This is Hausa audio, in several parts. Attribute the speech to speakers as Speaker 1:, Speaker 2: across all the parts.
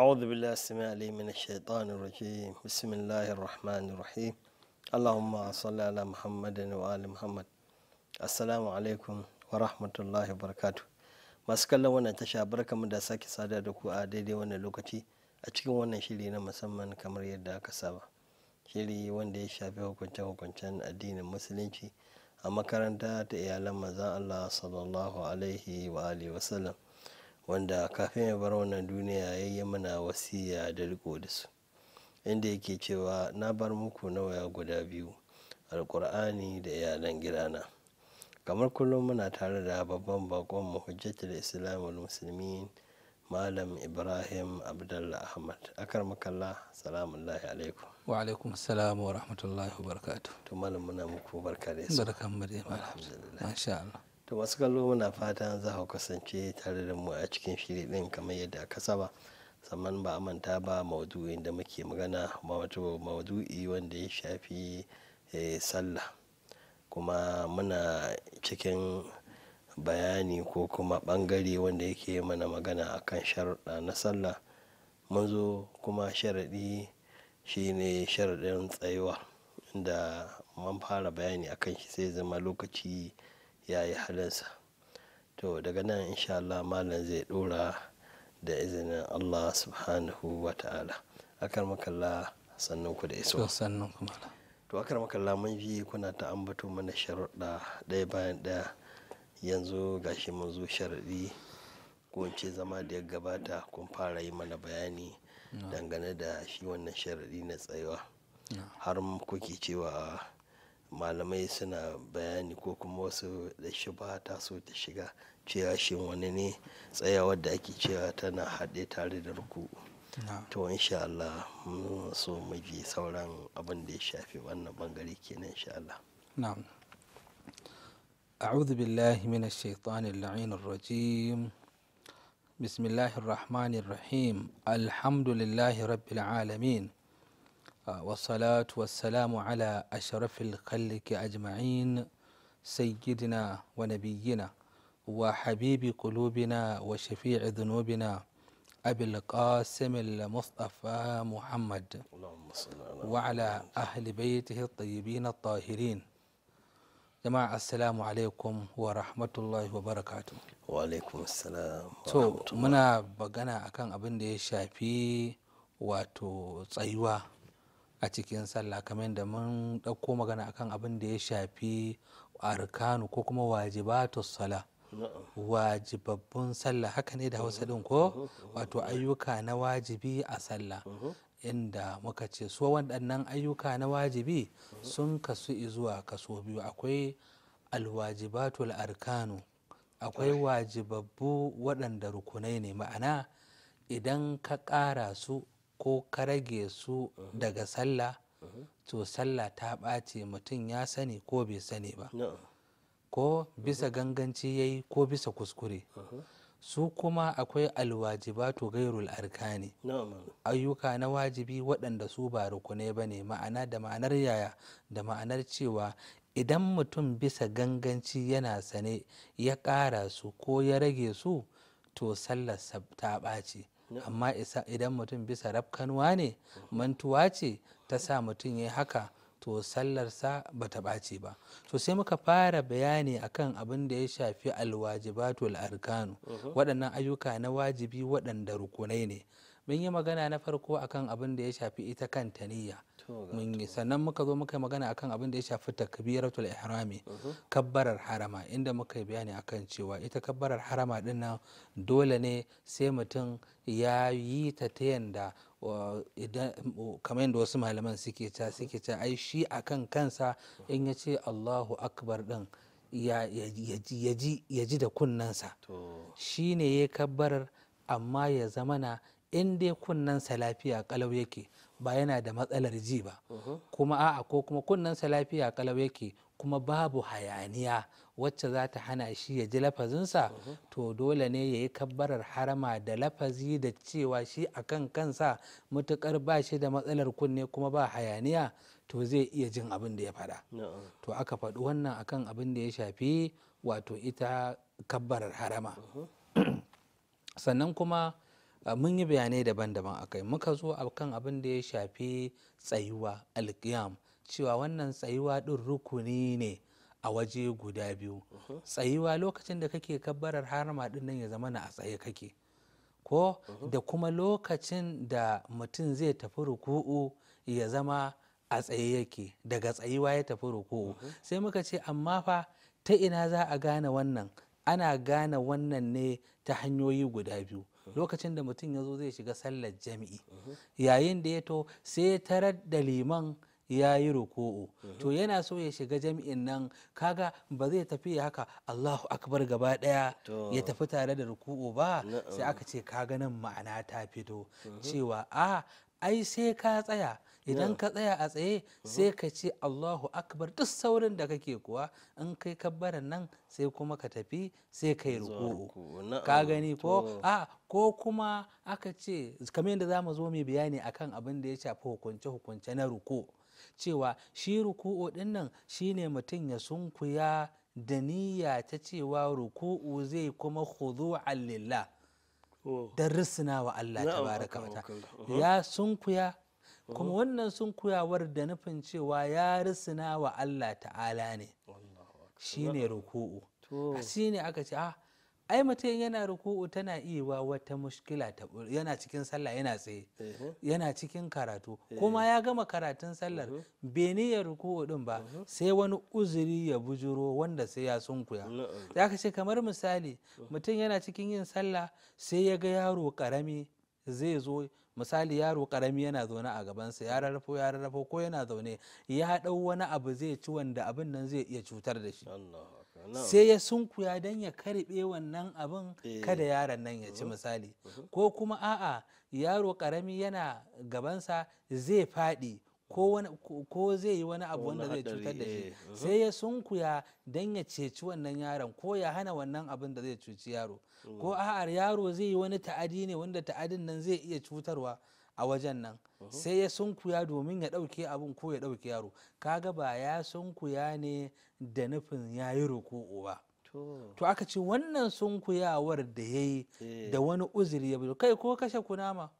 Speaker 1: أعوذ بالله السميع العليم من الشيطان الرجيم بسم الله الرحمن الرحيم اللهم صل على محمد وآل محمد السلام عليكم ورحمة الله وبركاته masu kallon wannan tasha barkamu da sake sada da ku a daidai wannan lokaci a cikin wannan shiri na musamman kamar yadda aka saba shiri wanda ya shafi hukunce-hukuncen addinin musulunci a makaranta ta iyalan maza allah sallallahu alaihi wa wanda kafin ya bar wannan duniya ya yi mana wasiya da riko da su inda yake cewa na bar muku nawaya guda biyu alkur'ani da iyalan gidana kamar kullum muna tare da babban bakon mu hujjatul islamul musulmi malam ibrahim abdullah ahmad akar makalla salamun lahi alaikum
Speaker 2: wa alaikum salamu wa rahmatullahi wa barakatu
Speaker 1: to malam muna muku barka da yasa barkan mu da alhamdulillah
Speaker 2: masha Allah
Speaker 1: to wasu kallo muna fatan za ku kasance tare da mu a cikin shiri din kamar yadda aka saba sannan ba manta ba maudu'in da muke magana wato maudu'i wanda ya shafi eh, sallah kuma muna cikin bayani ko kuma bangare wanda yake mana magana akan sharuɗa na sallah mun zo kuma sharaɗi shine sharaɗin tsayuwa inda man fara bayani akan shi sai zama lokaci ya yi halinsa to daga nan insha Allah malam zai dora da izinin Allah subhanahu wa ta'ala akar makalla sannan ku da iso
Speaker 2: sannan kuma
Speaker 1: to akar makalla mun ji kuna ta ambato mana sharuɗa ɗaya bayan ɗaya yanzu gashi mun zo sharaɗi ko in ce zama da ya gabata kun fara yi mana bayani dangane da shi wannan sharaɗi na tsayuwa har kuke cewa malamai suna bayani ko kuma wasu da shi ba ta so ta shiga cewa shi wani ne tsayawar da ake cewa tana haɗe tare da ruku to insha Allah mun so mu sauran abin da ya shafi wannan bangare kenan insha Allah
Speaker 2: na'am أعوذ بالله من الشيطان اللعين الرجيم بسم الله الرحمن الرحيم الحمد لله رب والصلاة والسلام على أشرف الخلق أجمعين سيدنا ونبينا وحبيب قلوبنا وشفيع ذنوبنا أبي القاسم المصطفى محمد وعلى أهل بيته الطيبين الطاهرين جماعة السلام عليكم ورحمة الله وبركاته
Speaker 1: وعليكم السلام
Speaker 2: ورحمة الله to muna بقنا akan abin شافي واتو صيوة a cikin sallah kamar da mun ɗauko magana akan abin da ya shafi arkanu ko kuma wajibatus sala wajibabbun sallah haka ne da hausa din ko mm-hmm. Mm-hmm. wato ayyuka na wajibi a sallah mm-hmm. inda muka ce su waɗannan ayyuka na wajibi sun kasu zuwa kaso biyu akwai alwajibatul arkanu akwai wajibabbu waɗanda rukunai ne ma'ana idan ka ƙara su ko ka rage su daga sallah to sallah ta ɓace mutum ya sani ko bai sani ba ko bisa ganganci ya yi ko bisa kuskure su kuma akwai alwajibatu gairul arkani ayyuka na wajibi waɗanda su ba rukunai ba ne ma'ana da ma'anar yaya da ma'anar cewa idan mutum bisa ganganci yana sane ya ƙara su ko ya rage su to sallar ta ɓace amma idan mutum bisa rafkanuwa ne mhm. mantuwa ce ta sa mutum ya haka to sallarsa ba ta ɓace ba to sai muka fara bayani akan abin da ya shafi alwajibatul arkanu mhm. waɗannan ayyuka na wajibi waɗanda rukunai ne mun yi magana na farko akan abin da ya shafi ita kan taniya sannan muka zo muka yi magana akan abin da ya shafi takbiratul ihrami mhm. kabbarar harama inda muka yi bayani akan cewa ita kabbarar harama dinnan dole ne sai mutum ya yi ta ta yanda kamar yadda wasu malaman suke ta suke ta ai shi akan kansa in ya ce allahu akbar din ya ji da kunnansa shi ne ya kabbarar amma ya zamana in dai kunnansa lafiya kalau yake ba yana da matsalar ji ba uh-huh. kuma a'a ko kuma kunnansa lafiya kalau yake kuma babu hayaniya wacce za ta hana shi ya ji lafazinsa to dole ne ya yi kabbarar harama da lafazi da cewa shi akan kansa matuƙar ba shi da matsalar kunne kuma ba hayaniya to zai iya jin abin da ya faɗa to aka faɗi wannan akan abin da ya shafi wato ita kabbarar harama sannan kuma mun yi bayanai daban-daban a kai muka zo akan abin da ya shafi tsayuwa alkiyam cewa wannan tsayuwa ɗin rukuni ne a waje guda biyu uh-huh. tsayuwa lokacin da kake kabbarar harama din nan ya zama na a tsaye kake ko uh-huh. da kuma lokacin da mutum zai tafi ruku'u ya zama a tsaye yake daga tsayuwa ya tafi ruku'u uh-huh. sai muka ce amma fa ta ina za a gane wannan ana gane wannan ne ta hanyoyi guda biyu lokacin da mutum ya zo zai shiga sallar jami'i yayin da ya to sai tarar da liman ya yi ruku'u mhm. to yana so ya shiga jami'in nan kaga ba zai tafi haka Allahu akbar gaba daya ya tafi tare da ruku'u ba sai aka ce kaga nan ma'ana ta fito mhm. cewa a ai sai ka tsaya idan ka tsaya a tsaye mhm. sai ka ce Allahu akbar duk saurin da kake kuwa in kai kabbaran nan sai kuma ka tafi sai ka yi ruku'u ka gani ko a ko kuma aka ce kamar yadda za mu zo mai bayani akan abin da ya shafi hukunce hukunce na rukuu. cewa shi ruku'u ɗin nan shine mutum ya sunkuya da niyya ta cewa ruku'u zai kuma khudu allillah oh. don risina wa Allah uh-huh. tabaraka ya sunkuya uh-huh. kuma wannan sunkuyawar da nufin cewa ya risina wa Allah ta'ala ne shine ruku'u shine aka ce ah ai mutum yana ruku'u tana iya wa wata mushkila ta yana cikin sallah yana tsaye yana cikin karatu eh. kuma ya gama karatun sallar bai ya ruku'u din ba sai wani uzuri ya bujuro wanda sai ya sunkuya ya ce kamar misali mutum yana cikin yin sallah sai ya ga yaro karami zai zo misali yaro karami yana zaune a gabansa ya rarrafo ya rarrafo ko yana zaune ya dau wani abu zai ci wanda abin nan zai iya cutar da shi sai ya sunkuya don ya karbe wannan abin eh. kada yaron nan ya ci uh-huh. misali uh-huh. ko kuma a'a yaro karami yana gabansa zai faɗi ko zai yi wani abu wanda zai cutar da shi eh, uh-huh. sai ya sunkuya don ya ceci wannan yaron ko ya hana wannan abin da zai cuci yaro ko mm. a'a yaro zai yi wani ta'adi ne wanda ta'adin nan zai iya cutarwa a wajen nan sai ya sunkuya domin ya ɗauke abun ko ya ɗauke yaro kaga ba ya sunkuya ne da nufin ya yi roƙo ba to aka ce wannan sunkuyawar da ya yi eh. da wani uzuri ya kai ko kashe kunama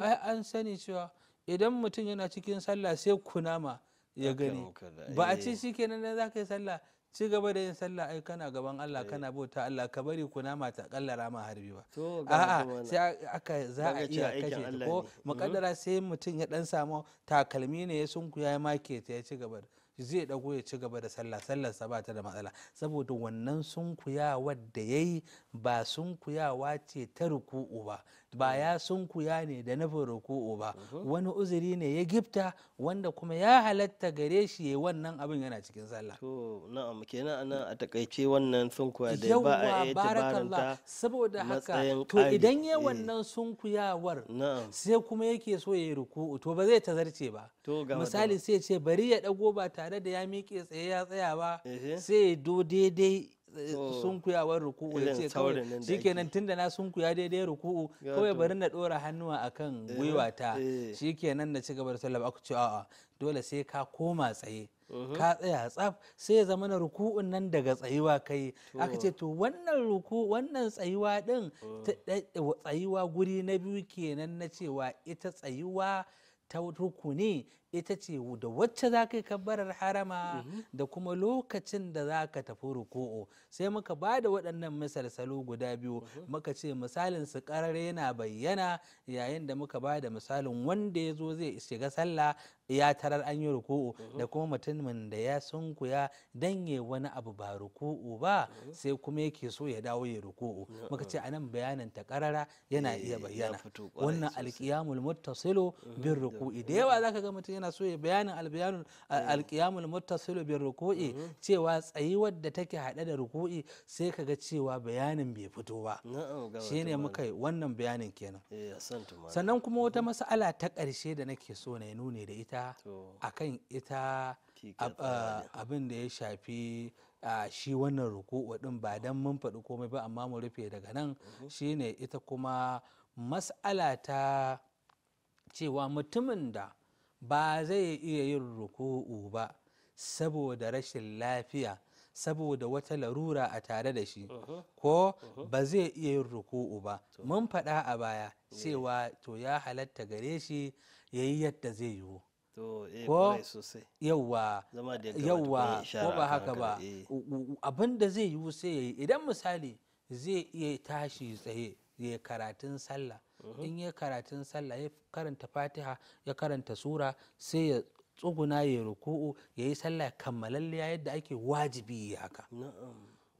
Speaker 2: ai an sani cewa idan mutum yana cikin sallah sai kunama ya gani ba a ce eh. shi kenan za ka yi sallah ci gaba da yin sallah ai kana gaban Allah eh. kana bauta Allah ka bari kuna mata kallara ma harbi ba a'a sai aka za a iya kashe ko mm-hmm. mukaddara sai mutum ya dan samu takalmi ne ya sunku ya make ta ya ci gaba zai dago ya ci gaba da sallah sallar sa ba ta da matsala saboda wannan ya wadda yayi ba sunkuyawa ce ta ruku'u ba ba ya mm. sunkuya ne da nufin ruku'u ba mm-hmm. wani uzuri ne ya gifta wanda kuma ya halatta gare shi ya wannan abin yana cikin sallah
Speaker 1: to na'am kenan ana a takaice wannan sunkuya da ba a yi barakallah saboda haka to idan
Speaker 2: ya eh. wannan sunkuyawar sai kuma yake so ya yi ruku'u to ba zai tazarce ba misali sai ce bari ya dago ba tare da ya miƙe tsaye ya tsaya ba eh. sai ya do daidai Eh, sunkuyawar ruku'u ya ce kawai shikenan tunda na sunkuya daidai ruku'u kawai bari na dora hannuwa akan eh, gwiwata eh. shikenan na ci gaba da sallah aka ce a'a dole sai ka koma tsaye uh-huh. ka tsaya tsaf sai ya zama na ruku'un nan daga tsayuwa kai aka ce to wannan ruku wannan tsayuwa din uh. tsayuwa guri na biyu kenan na cewa ita tsayuwa ta rukuni ita ce da wacce za ka yi kabbarar harama mm-hmm. da kuma lokacin da za ka tafi ruku'u sai muka ba da waɗannan misalsalu guda biyu mm-hmm. muka ce misalin su ƙarar yana bayyana yayin da muka ba da misalin wanda ya zo zai shiga sallah ya tarar an yi ruku'u mm-hmm. da kuma mutumin da ya sunkuya yi wani abu ba ruku'u ba sai kuma yake so ya dawo ya ruku'u muka ce anan bayanin ta ƙarara yana iya eh, bayyana wannan alƙiyamul muttasilu bin ruku'i da yawa zaka ga mutum yana so ya bayanin albayanul mm. alqiyamul muttasilu bir ruku'i mm-hmm. cewa tsayuwar da take hade da ruku'i sai ka ga cewa bayanin bai fito ba
Speaker 1: shine muka
Speaker 2: yi wannan bayanin kenan
Speaker 1: eh, sannan kuma
Speaker 2: wata mm-hmm. mas'ala ta karshe da nake so na yi nune da ita akan ita eh, abin da ya shafi a shi wannan ruku'u din ba dan mun faɗi komai ba amma mu rufe daga nan mm-hmm. shine ita kuma mas'ala ta cewa mutumin da ba zai iya yin ruku'u ba saboda rashin lafiya saboda wata larura a tare da shi uh-huh. ko uh-huh. ba zai iya yin ruku'u ba mun faɗa a baya cewa to ya halatta gare shi ya yi yadda zai yiwu eh, ko yauwa ko ba haka ba eh. abin da zai yiwu sai ya yi idan misali zai iya tashi tsaye ya karatun sallah Uh-huh. in ya karatun sallah ya karanta fatiha ya karanta sura sai ya tsuguna ya ruku'u ya yi sallah kammalalliya yadda ake wajibi ya haka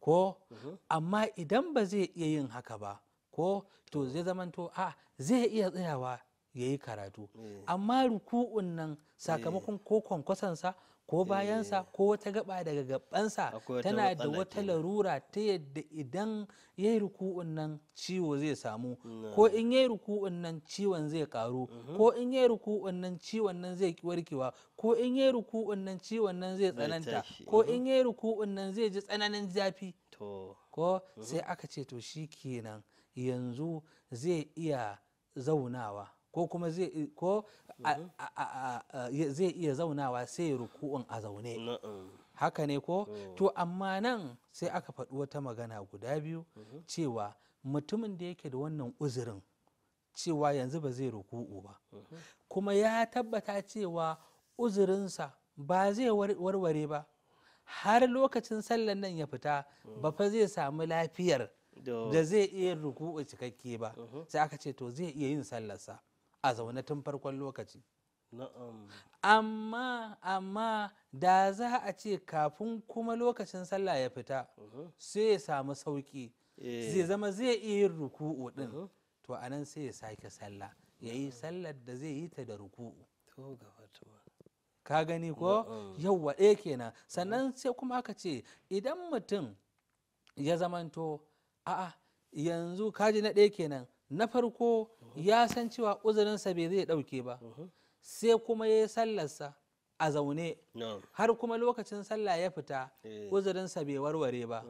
Speaker 2: ko uh-huh. amma idan ba zai iya yin haka ba ko to zai zamanto a zai iya tsayawa ya yi karatu eh. amma ruku'un nan sakamakon ko kwankwasansa ko bayansa eh. ko wata gaba daga gabansa tana da wata larura ta yadda idan ya yi ruku'un nan ciwo zai samu ko in ya yi ruku'un nan ciwon zai karu mm-hmm. ko in ya yi ruku'un nan ciwon nan zai warkewa ko in ya yi ruku'un nan ciwon nan zai tsananta ko mm-hmm. in ya yi ruku'un nan zai ji tsananin zafi ko mm-hmm. sai aka ce to shi kenan yanzu zai iya zaunawa ko kuma zai ko mhm. zai iya zaunawa sai ya ruku'un a zaune haka ne ko to amma nan sai aka faɗi wata magana guda biyu mhm. cewa mutumin da yake da wannan uzurin cewa yanzu ba zai ruku'u ba mhm. kuma ya tabbata cewa uzurinsa ba zai warware ba har lokacin sallan nan ya fita ba fa zai samu lafiyar da zai iya ruku'u cikakke ba sai aka ce to zai iya yin sallarsa a zaune tun farkon lokaci amma amma da za a ce kafin kuma lokacin sallah ya fita uh-huh. sai ya samu sauki eh. zai zama zai iya yin ruku'u din uh-huh. to anan sai ya sake sallah ya yi sallar da zai yi ta da ruku'u ka gani ko yawwa ɗaya eh kenan uh-huh. sannan sai kuma aka ce idan mutum ya zamanto a'a yanzu kaji na ɗaya kenan na farko ya san cewa uzurinsa bai zai ɗauke ba sai kuma ya yi sallarsa a zaune har kuma lokacin sallah ya fita eh. uzurinsa bai warware ba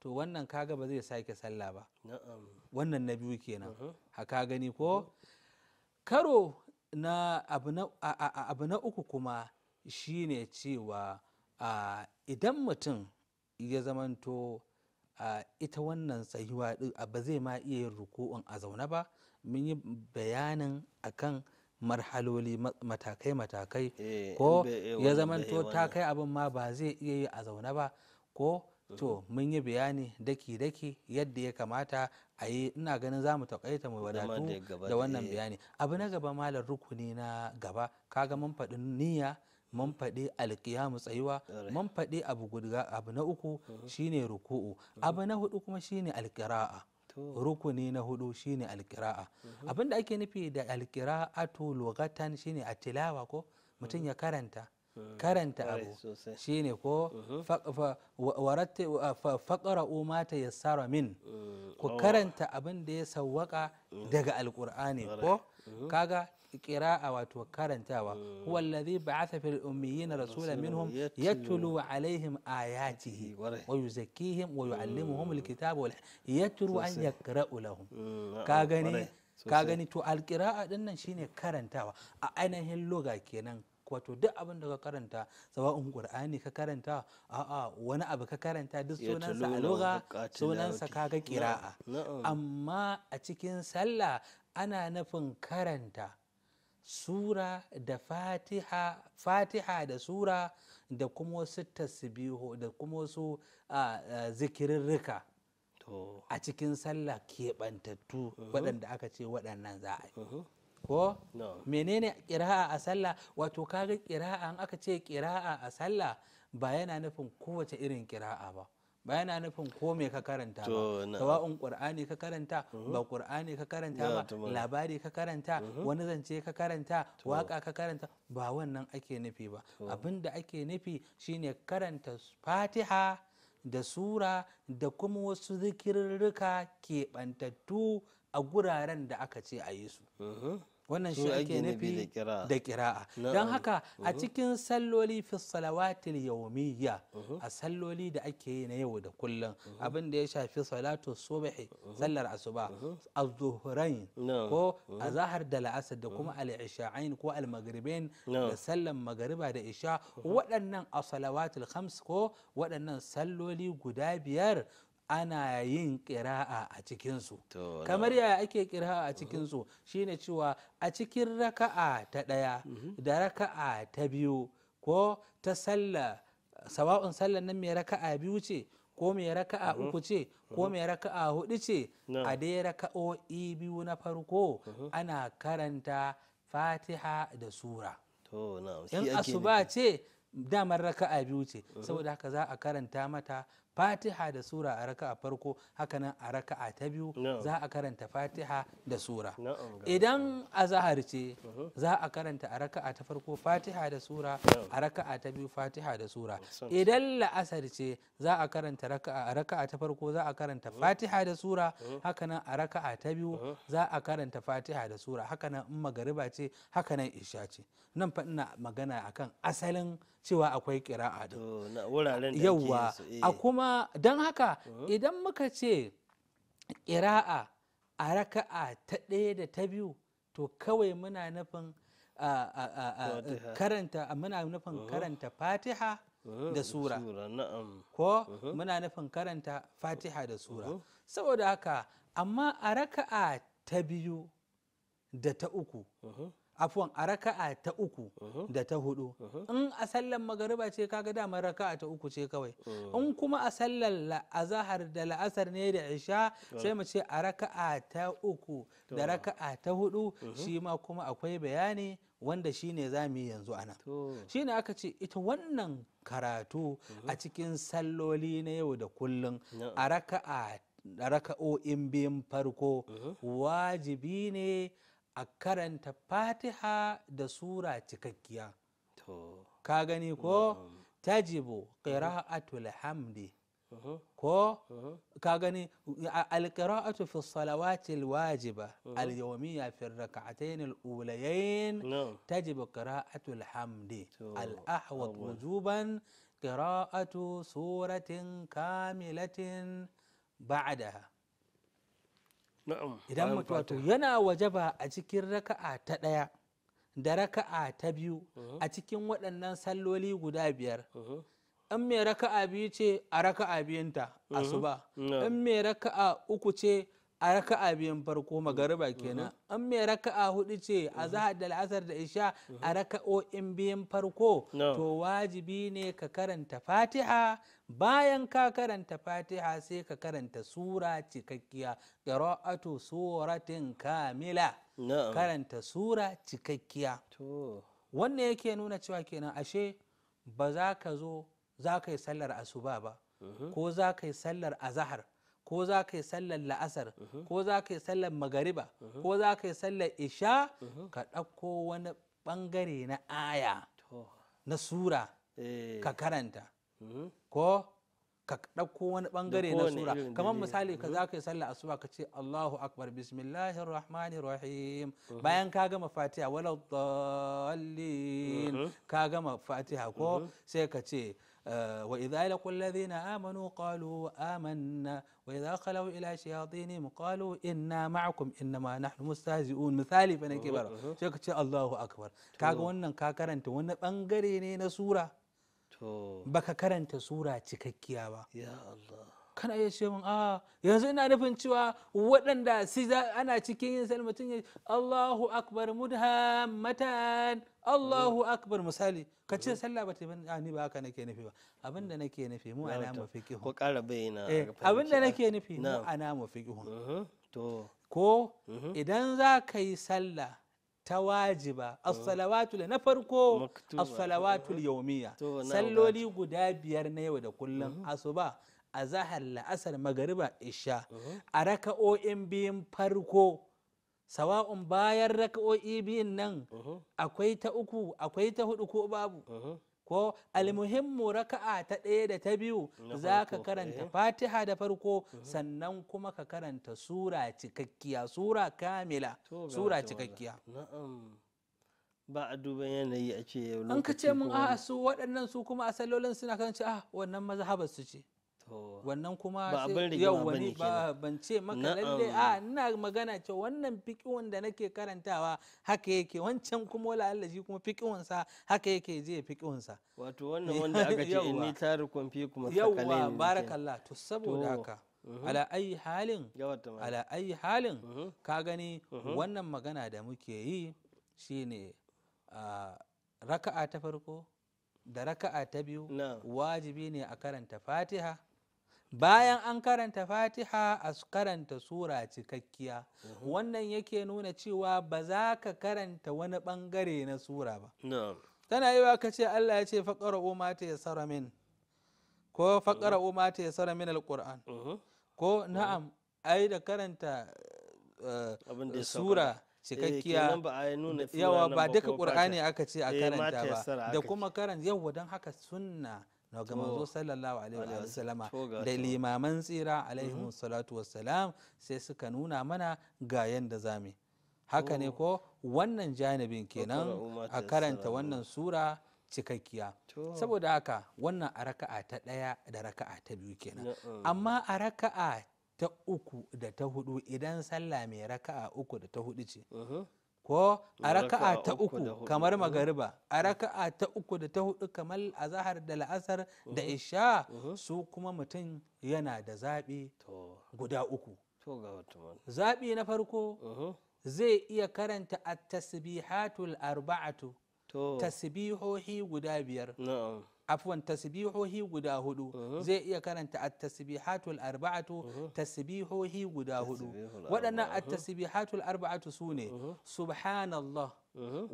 Speaker 2: to wannan kaga ba zai sake sallah ba wannan na biyu kenan haka gani ko karo na abu na uku kuma shine cewa idan mutum ya zamanto A ita wannan tsayuwa ba zai ma iya yin ruku'un a zaune ba mun yi bayanin akan marhaloli matakai-matakai eh, ko eh, ya zamanto ta kai abin ma ba zai iya yi a zaune ba ko mhm. to mun yi bayani daki-daki yadda ya kamata a yi ina ganin za mu taƙaita mu wadatu da wannan eh. bayani abu na gaba malar rukuni na gaba kaga mun faɗi niyya mun faɗi alƙiyamu tsayuwa mun faɗi abu guda abu na uku shine ruku'u abu na hudu kuma shine alƙira'a rukuni na hudu shine alƙira'a abin da ake nufi da alƙira'atu lugatan shine atilawa ko mutum ya karanta karanta abu shine ko faƙara umata ta yassara min ku oh. karanta abin da ya sawwaka daga alƙur'ani ko kaga qira'a wato karantawa mm. huwa alladhi ba'atha fil ummiyina rasulan minhum yatlu alaihim ayatihi wa yuzakkihim wa yuallimuhum mm. alkitaba wal yatlu an yaqra'u lahum mm, ka gani ka to alqira'a shine a loga kenan wato duk abin da ka karanta sawa'un qur'ani ka karanta a'a wani abu ka karanta duk sunansa a loga sunansa kaga qira'a amma a cikin sallah ana nufin karanta sura da fatiha fatiha da sura da kuma wasu tasbihu da kuma wasu zikirirrika a cikin sallah keɓantattu uh-huh. waɗanda aka ce waɗannan za a yi uh-huh. ko menene ƙira'a a sallah wato kaga ƙira'a aka ce ƙira'a a sallah ba yana nufin kowace irin ƙira'a ba ba yana nufin ko me ka karanta ba sawa'un qur'ani ka karanta mhm. ba qur'ani ka karanta ba labari ka karanta mhm. wani zance ka karanta waka ka karanta ba wannan ake nufi ba abinda ake nufi shine karanta fatiha da sura da kuma wasu zikirrika keɓantattu a guraren da aka ce a yi su mhm. wannan shi ake nufi da kira'a don haka a uh-huh. cikin salloli fi salawatil yaumiyya uh-huh. a salloli da ake yi na yau da kullum uh-huh. abin da ya shafi salatu subhi sallar asuba az-zuhrain ko azahar da la'asar da kuma al-isha'ain ko al-maghribain da sallan magariba da isha waɗannan a salawatil khams ko waɗannan salloli guda biyar ana yin ƙira'a a cikinsu kamar yaya ake ƙira'a a cikinsu shine cewa a cikin raka'a ta ɗaya mm-hmm. da raka'a ta biyu ko ta sallah sawa'un sallah nan mai raka'a biyu ce ko mai raka'a mm-hmm. uku ce ko mm-hmm. mai raka'a hudu ce a dai raka'o'i biyu na farko ana karanta fatiha da sura
Speaker 1: in asuba
Speaker 2: ce damar raka'a biyu ce saboda haka za a karanta mata fatiha da sura a raka'a farko hakanan a raka'a ta biyu za a karanta fatiha da sura idan a zaharce mhm. za a karanta a raka'a ta farko fatiha da sura a raka'a ta biyu fatiha da sura idan la'asar ce za a karanta a raka'a ta farko za a karanta mhm. fatiha da sura mhm. hakanan a raka'a ta biyu za a karanta fatiha da sura hakanan in magariba ce hakanan isha ce nan fa ina magana akan asalin cewa akwai kira'a din yawwa a eh. kuma kuma don haka idan muka ce ƙira'a a raka'a ta ɗaya da ta biyu to kawai muna nufin karanta uh-huh. uh-huh. uh-huh. muna nufin karanta fatiha da sura ko muna nufin karanta fatiha da sura saboda haka amma a raka'a ta biyu da ta uku afwan a raka'a ta uku da ta hudu in a sallar magariba ce kaga dama raka'a ta uku ce kawai in kuma a sallar azahar da la'asar ne da isha sai mu ce a raka'a ta uku da raka'a ta hudu shi ma kuma akwai bayani wanda shi ne za mu yi yanzu ana ne aka ce ita wannan karatu a cikin salloli na yau da kullum a raka'a raka'o'in biyun farko wajibi ne a karanta fatiha da sura cikakkiya ka gani ko tajibu qira'atul hamdi ko ka gani alqira'atu fi salawati alwajiba alyawmiyya fi rak'atayn alulayayn tajibu qira'atu alhamdi alahwat wujuban qira'atu suratin kamilatin ba'daha idan wato yana wajaba a cikin raka'a ta ɗaya da raka'a ta biyu uh-huh. a cikin waɗannan salloli guda biyar uh-huh. in mai raka'a biyu ce a raka'a biyunta uh-huh. asuba in mai raka'a uku ce a raka'a biyan farko magariba kenan an mai raka'a hudu ce a zahar da la'asar da isha a raka'o'in biyan farko to wajibi ne ka karanta fatiha bayan ka karanta fatiha sai ka karanta sura cikakkiya qira'atu suratin kamila karanta sura cikakkiya wannan yake nuna cewa kenan ashe ba za ka zo za ka yi sallar asuba ba ko za ka yi sallar azahar ko za ka yi sallar la'asar uhuh. ko za ka yi sallar magariba uhuh. ko za ka yi sallar isha uhuh. ka ɗauko wani ɓangare na aya na sura eh. ka karanta ko ka ɗauko wani ɓangare na sura kamar misali ka za ka yi asuba ka ce Allahu akbar bismillahir rahmanir rahim bayan ka gama fatiha wala ka gama fatiha ko sai ka ce آه، وإذا لقوا الذين آمنوا قالوا آمنا وإذا خلوا إلى شياطينهم قالوا إنا معكم إنما نحن مستهزئون مثالي فنا كبر شكت الله أكبر كاك ونن كاك رنت ونن بانغريني نسورة بكا كرنت سورة تككيا با يا الله kana iya ce min ah yanzu ina nufin cewa waɗanda su ana cikin yin sai mutum ya Allahu akbar mudhammatan Allahu akbar misali ka ce sallah ba ta yi a ah, ni ba haka nake nufi ba abinda nake nufi mu ana mu fiqihu ko
Speaker 1: ƙara bayyana eh, abinda nake nufi mu
Speaker 2: ana mu fiqihu mm-hmm, to ko mm-hmm. idan za ka yi sallah ta wajiba mm-hmm. as-salawatu na farko as-salawatu yawmiya salloli guda biyar na yau da kullum asuba azahar la'asar magariba isha a raka'o'in biyun farko sawa'un bayan raka'o'i biyun nan uh-huh. akwai ta uku akwai ta hudu ko babu uh-huh. ko almuhimmu raka'a ta ɗaya da ta biyu za ka karanta eh. fatiha da farko uh-huh. sannan kuma ka karanta sura cikakkiya sura kamila sura cikakkiya
Speaker 1: ba a duba yanayi a ce an ka ce mun a
Speaker 2: su waɗannan su kuma asalolin suna kan ce ah wannan mazhabar su ce wannan kuma ba ba ban ce maka lalle a ina magana ce wannan fiqhun da nake karantawa haka yake wancan kuma wala Allah shi kuma fiqhun sa haka yake je fiqhun sa wato wannan wanda aka ce inni tarukum
Speaker 1: fi kuma yawa barakallah
Speaker 2: to saboda haka mhm. ala ayi halin ala ayi halin mhm. ka gani mhm. wannan magana da muke yi shine raka'a ta farko da raka'a ta biyu wajibi ne a karanta fatiha bayan an karanta fatiha a karanta sura cikakkiya mm-hmm. wannan yake nuna cewa ba za ka karanta wani bangare na sura ba tana yi ka ce allah ya ce faƙara umma ta ya sara min ko faƙara umma mm-hmm. ta ya sara min alƙur'an mm-hmm. ko na'am ai da karanta eh, sura eh, cikakkiya yawa ba duka ƙur'ani aka ce a eh, karanta ba da kuma karanta yawa don haka sunna manzo sallallahu alaihi wa sallama da limaman tsira alaihi mm-hmm. salatu salam sai suka nuna mana ga yanda zame haka ne ko wannan janibin kenan a karanta wannan sura cikakkiya saboda haka wannan a raka'a ta ɗaya da raka'a ta biyu kenan amma a raka'a ta uku da ta hudu idan sallah mai raka'a uku da ta hudu ce mm-hmm. ko a raka'a ta uku kamar uh-huh. magariba a raka'a ta uku da ta hudu kamar azahar da la'asar da uh-huh. isha uh-huh. su kuma mutum yana da zaɓi guda uku zaɓi na farko zai iya karanta a tasbihatul arba'atu tasbihohi guda biyar afwan tasbihohi guda hudu uh-huh. zai iya karanta at-tasbihatul arba'atu uh-huh. tasbihohi guda hudu waɗannan at-tasbihatul arba'atu sune uh-huh. subhanallah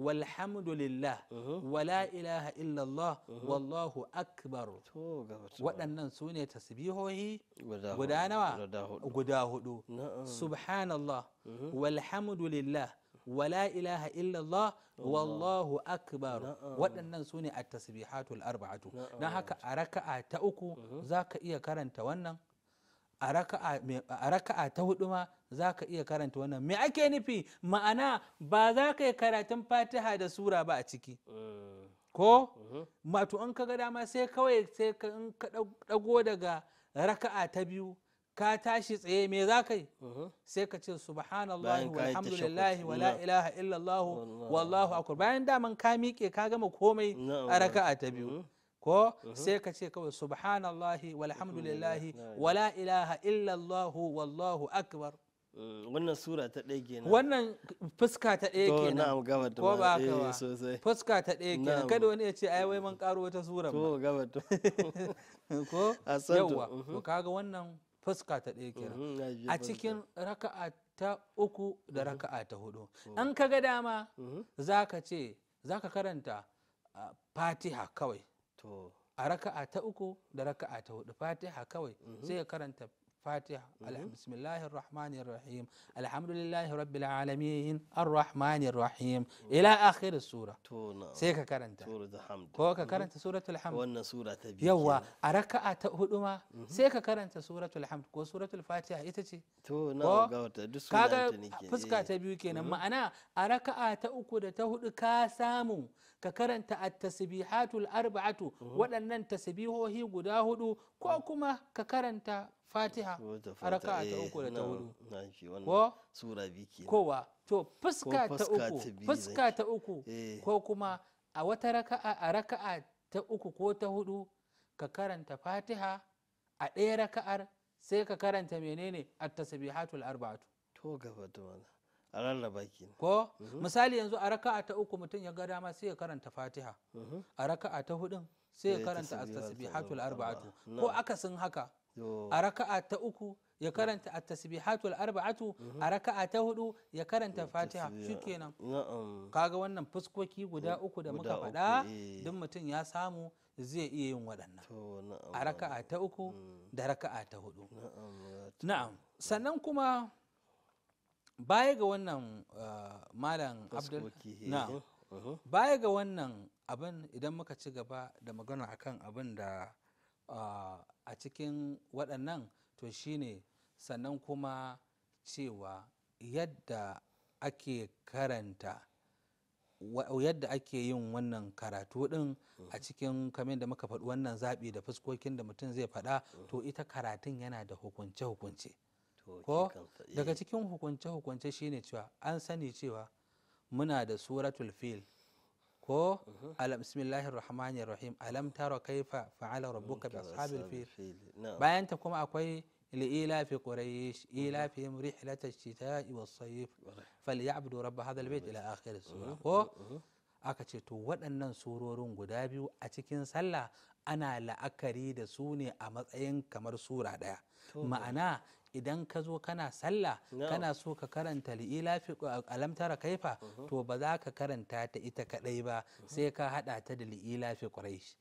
Speaker 2: walhamdulillah wala ilaha illallah wallahu akbar waɗannan sune ne tasbihohi guda nawa guda hudu subhanallah walhamdulillah wala ilaha illallah wallahu akbar waɗannan su ne a tasbihatul arba'atu na haka a raka'a ta uku mhm. zaka iya karanta wannan a raka'a ta hudu ma za ka iya karanta wannan me ake nufi ma'ana ba za ka yi karatun fatiha da sura ba a ciki eh. ko mato mhm. in ka ga dama sai kawai sai ka ɗago daga raka'a ta biyu ka tashi tsaye me za ka yi sai ka ce subhanallah walhamdulillah wala ilaha illallah wallahu akbar bayan daman ka miƙe ka gama komai a raka'a ta biyu ko sai ka ce kawai subhanallah walhamdulillah wala ilaha illallah wallahu akbar mm, wannan sura ta ɗaya kenan wannan fuska ta ɗaya kenan ko ba ka eh, ba fuska ta ɗaya kenan kada wani ya ce ai wai man karo wata sura ko gaba to ko yawa to kaga wannan fuska ta ɗaya kenan mhm, a cikin raka'a ta uku da mhm. raka'a ta hudu an mhm. ka ga dama za ka ce za ka karanta fatiha kawai a raka'a ta uku da raka'a ta hudu fatiha kawai sai ka karanta fatiha mhm. bismillahir rahmanir rahim alhamdulillahi rabbil alamin arrahmanir rahim mhm. ila akhir sura ko ka karanta mhm. suratul hamd wannan sura ta biyu a ta hudu sai ka karanta suratul hamd ko suratul fatiha ita ce
Speaker 1: to kaga eh. fuska ta
Speaker 2: biyu kenan ma'ana a raka'a ta uku da ta hudu ka samu ka karanta at arba'atu waɗannan tasbihohi guda hudu ko kuma ka karanta fatiha a raka'a ta eh, uku da ta hudu
Speaker 1: ko sura kowa
Speaker 2: to fuska ta uku fuska ta uku eh. ko kuma a wata raka'a a raka'a ta uku ko ta hudu ka karanta fatiha a ɗaya raka'ar sai ka karanta menene at-tasbihatul arba'atu to gaba to
Speaker 1: a rarraba ko
Speaker 2: mhm. misali yanzu a raka'a ta uku mutum ya ga dama sai ya karanta fatiha mhm. a raka'a ta hudun sai ya eh, karanta at-tasbihatul arba'atu ko akasin haka a raka'a ta uku ya karanta a tasbihatul arba'atu mhm. a raka'a ta hudu ya karanta fatiha shikenan kaga wannan fuskoki guda uku da muka faɗa eh. duk mutum ya samu zai iya yin waɗannan a raka'a ta uku mm. da raka'a ta hudu na'am sannan kuma baya ga wannan uh, malam abdul eh. na'am uh-huh. baya ga wannan abin idan muka ci gaba da magana akan abin da a cikin waɗannan to shine sannan kuma cewa yadda ake karanta yadda ake yin wannan karatu din a cikin kamar da muka faɗi wannan zaɓi da fuskokin da mutum zai faɗa to ita karatun yana da hukunce-hukunce ko eh. daga cikin hukunce-hukunce shine cewa an sani cewa muna da suratul fil ko alam bismillahir rahmanir rahim alam tara kaifa fa'ala rabbuka bi ashabil fil bayan ta kuma akwai لإيلاف قريش إيلافهم رحلة الشتاء والصيف فليعبدوا رب هذا البيت إلى آخر السورة aka ce to waɗannan surorin guda biyu a cikin sallah ana la'akari da su ne a matsayin kamar sura ɗaya ma'ana idan ka zo kana sallah kana so ka karanta li'ilafi alam kaifa uh-huh. to ba za ka karanta ta ita kadai ba uh-huh. sai ka hada ta da li'ilafi quraish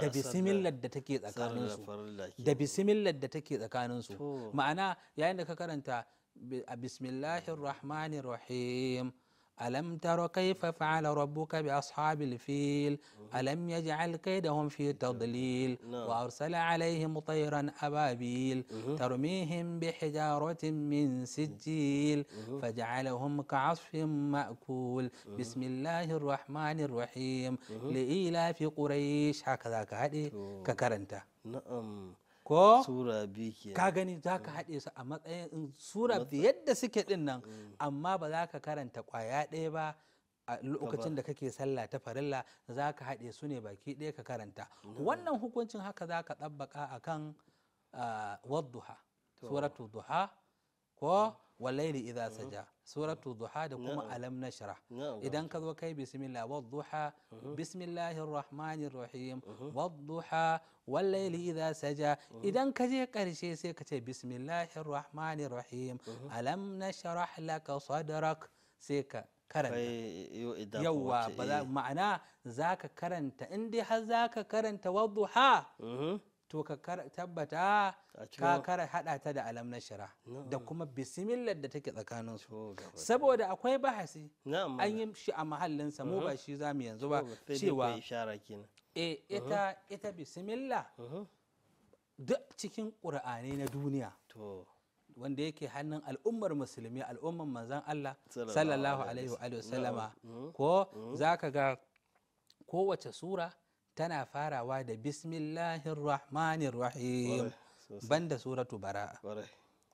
Speaker 2: da bisimillar da take tsakaninsu da bisimillar da take tsakaninsu ma'ana yayin da ka karanta bismillahir rahmanir rahim ألم تر كيف فعل ربك بأصحاب الفيل ألم يجعل كيدهم في تضليل نعم. وأرسل عليهم طيرا أبابيل ترميهم بحجارة من سجيل فجعلهم كعصف مأكول بسم الله الرحمن الرحيم لإيلاف قريش هكذا كهدي ككرنتا نعم ko sura biyu ka gani za ka mm. haɗe su a matsayin sura yadda suke ɗin nan mm. amma ba za ka karanta ƙwaya ɗaya ba a lokacin da kake sallah ta farilla za ka haɗe su ne baki ɗaya ka karanta wannan hukuncin haka za ka ɗabbaka a kan ah, wadduha suratu duha ko mm. walaili idza saja suratu duha da kuma alam nashra idan ka kai bismillah wa duha bismillahir rahmanir rahim wa duha walaili idza idan kaje je sai kace ce bismillahir rahmanir rahim alam nashrah laka sadrak sai ka
Speaker 1: karanta yawwa
Speaker 2: ma'ana zaka karanta in dai har zaka karanta wa to ka tabbata ka kara hada ta da alam na shira. da kuma bismillah da take tsakanin su saboda akwai bahasi an yi shi a sa mu ba uh-huh. shi zamu yanzu ba cewa e ita uh-huh. ita bismillah uh-huh. duk cikin qur'ani na duniya wanda yake hannun al'ummar musulmi al'ummar manzan Allah sallallahu alaihi wa sallama ko zaka ga kowace sura tana farawa da bismillahin rahmanir rahim banda suratu bara'a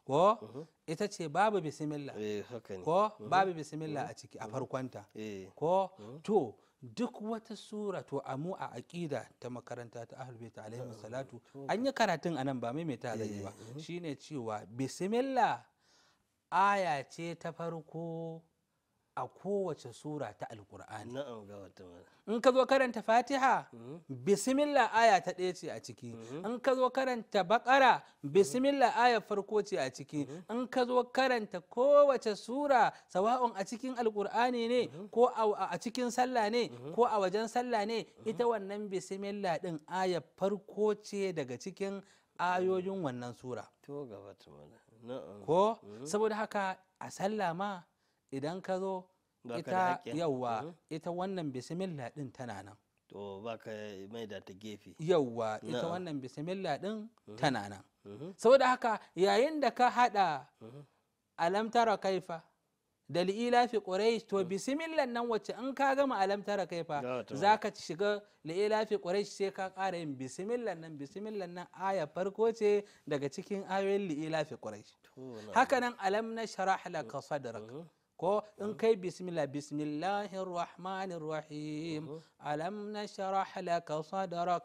Speaker 2: ko mhm. ita ce babu bismillah eh, ko mhm. babu bismillah a ciki a mhm. farkonta eh. ko to duk wata sura to a mu a aƙida ta makaranta ta ahlul bait alaihi salatu an yi karatun anan ba mai ta zai ba eh, shine cewa bismillah aya ce ta farko a kowace sura ta alkur'ani in ka zo karanta fatiha hmm? bismillah aya ta ɗaya ce a ciki hmm? in ka zo karanta bakara bismillah aya farko ce a ciki hmm? in ka zo karanta kowace sura sawa'un a cikin alkur'ani ne ko a cikin sallah ne ko a wajen sallah ne ita wannan bismillah ɗin aya farko ce daga cikin ayoyin wannan sura ko saboda haka a sallah ma idan ka zo
Speaker 1: ita eh? yawwa
Speaker 2: mm-hmm. ita wannan bismillah din tana nan to ka mai da ta gefe yawwa ita wannan bismillah din mm-hmm. tana nan mm-hmm. saboda haka yayin da ka hada alam tara kaifa da li'ila fi quraish to mm. bismillah nan wacce in ka gama alam tara kaifa zaka shiga li'ila fi quraish sai ka ƙara yin bismillah nan bismillah nan aya farko ce daga cikin ayoyin li'ila fi quraish haka nan alam nashrah laka sadrak ko in kai bismillah bismillahir rahmanir rahim alam nashrah laka sadrak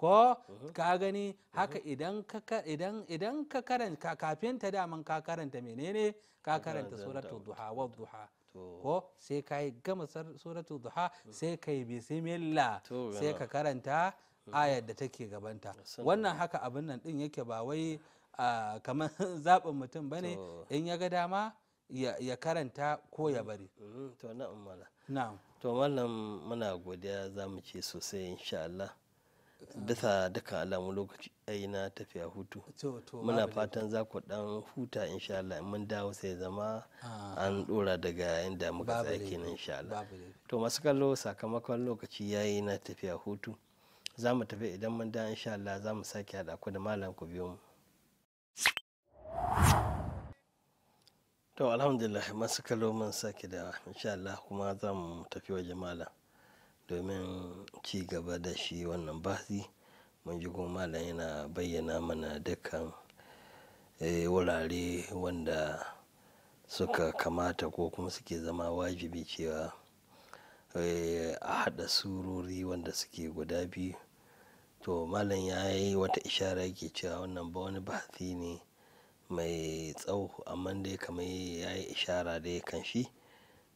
Speaker 2: ko ka gani haka idan ka idan idan ka karanta kafin ta daman ka karanta menene ka karanta suratul duha wa duha ko sai kai gama suratul duha sai kai bismillah sai ka karanta ayar da take gabanta wannan haka abin nan din yake ba wai ah, kamar zaɓin mutum bane in ya ga dama ya karanta ko ya mm. bari mm, to na'am
Speaker 1: mala na'am to mallam muna godiya za mu ce sosai insha Allah bisa dukkan alamu lokaci aina tafiya hutu muna fatan za ku dan huta insha Allah mun dawo sai zama ah. an dora daga inda muka tsaki na insha Allah to masu kallo sakamakon lokaci yayi na tafiya hutu za mu tafi idan mun da insha Allah za mu sake haɗa ku da malam ku biyo mu to alhamdulillah masu kallo mun sake da insha Allah kuma za mu tafi waje malam domin ci gaba da shi wannan bahasi mun ji kuma malam yana bayyana mana dukkan eh, wurare wanda suka kamata ko kuma suke zama wajibi cewa eh, a haɗa surori wanda suke guda biyu to malam ya yi wata ishara yake cewa wannan ba wani bahasi ne mai tsawo amma dai kamar ya yi ishara dai kan shi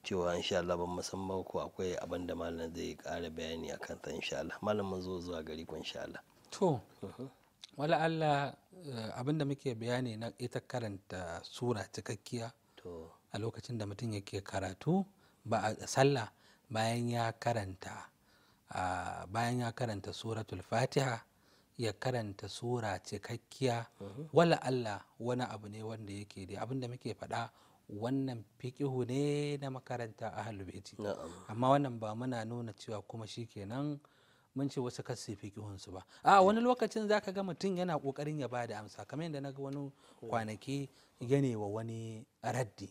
Speaker 1: cewa insha Allah ban musamman ko akwai abin da malam zai ƙara bayani a kansa insha Allah malam mun zo zuwa gari ku insha Allah
Speaker 2: to mhm. wala Allah eh, abin da muke bayani na ita karanta sura cikakkiya a lokacin da mutum yake karatu ba a sallah bayan ya karanta ah, bayan ya karanta suratul fatiha ya karanta sura cikakkiya wala Allah wani abu ne wanda yake da abinda muke faɗa wannan fiƙihu ne na makaranta a halubeti amma wannan ba muna nuna cewa kuma shi shikenan mun ce wasu kasu fiƙihun su ba a eh. wani lokacin zaka ga mutum yana ƙoƙarin ya bada amsa kamar yadda na ga wani hmm. kwanaki wa wani raddi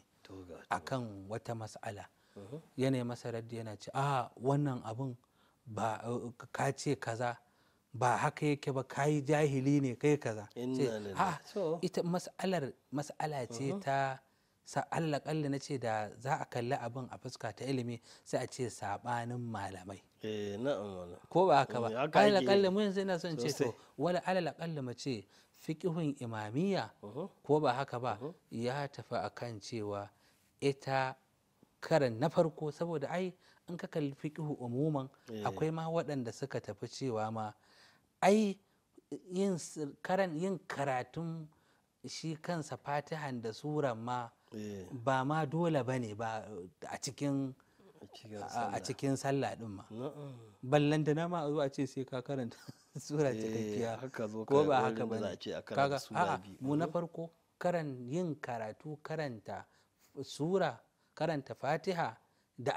Speaker 2: akan wata mas'ala hmm. yanayi masa raddi yana ce a ah, wannan abun ba ka ce kaza ba haka yake ba kayi jahili ne kai kaza ha ah, ita mas'alar mas'ala ce uh-huh. ta sa Allah kalli na ce da za a kalli abin a fuska ta ilimi sai a ce sabanin malamai
Speaker 1: eh, ko ba haka ba eh, allah kalli mun
Speaker 2: sai na son ce to wala alala kalli mu ce fiqhun imamiyya uh-huh. ko ba haka ba uh-huh. ya tafi akan cewa ita karan na farko saboda ai an ka kalli fiqhu umuman eh. akwai ma waɗanda suka tafi cewa ma ai yin karan yin karatun shi kansa fatihan da suran ma eh. ba ma dole ba ne ba a cikin a cikin sallah din ma da na ma zuwa ce sai ka karanta sura eh, cikakkiya ko ba haka ba ne kaga a mu na farko karan yin karatu karanta sura karanta fatiha da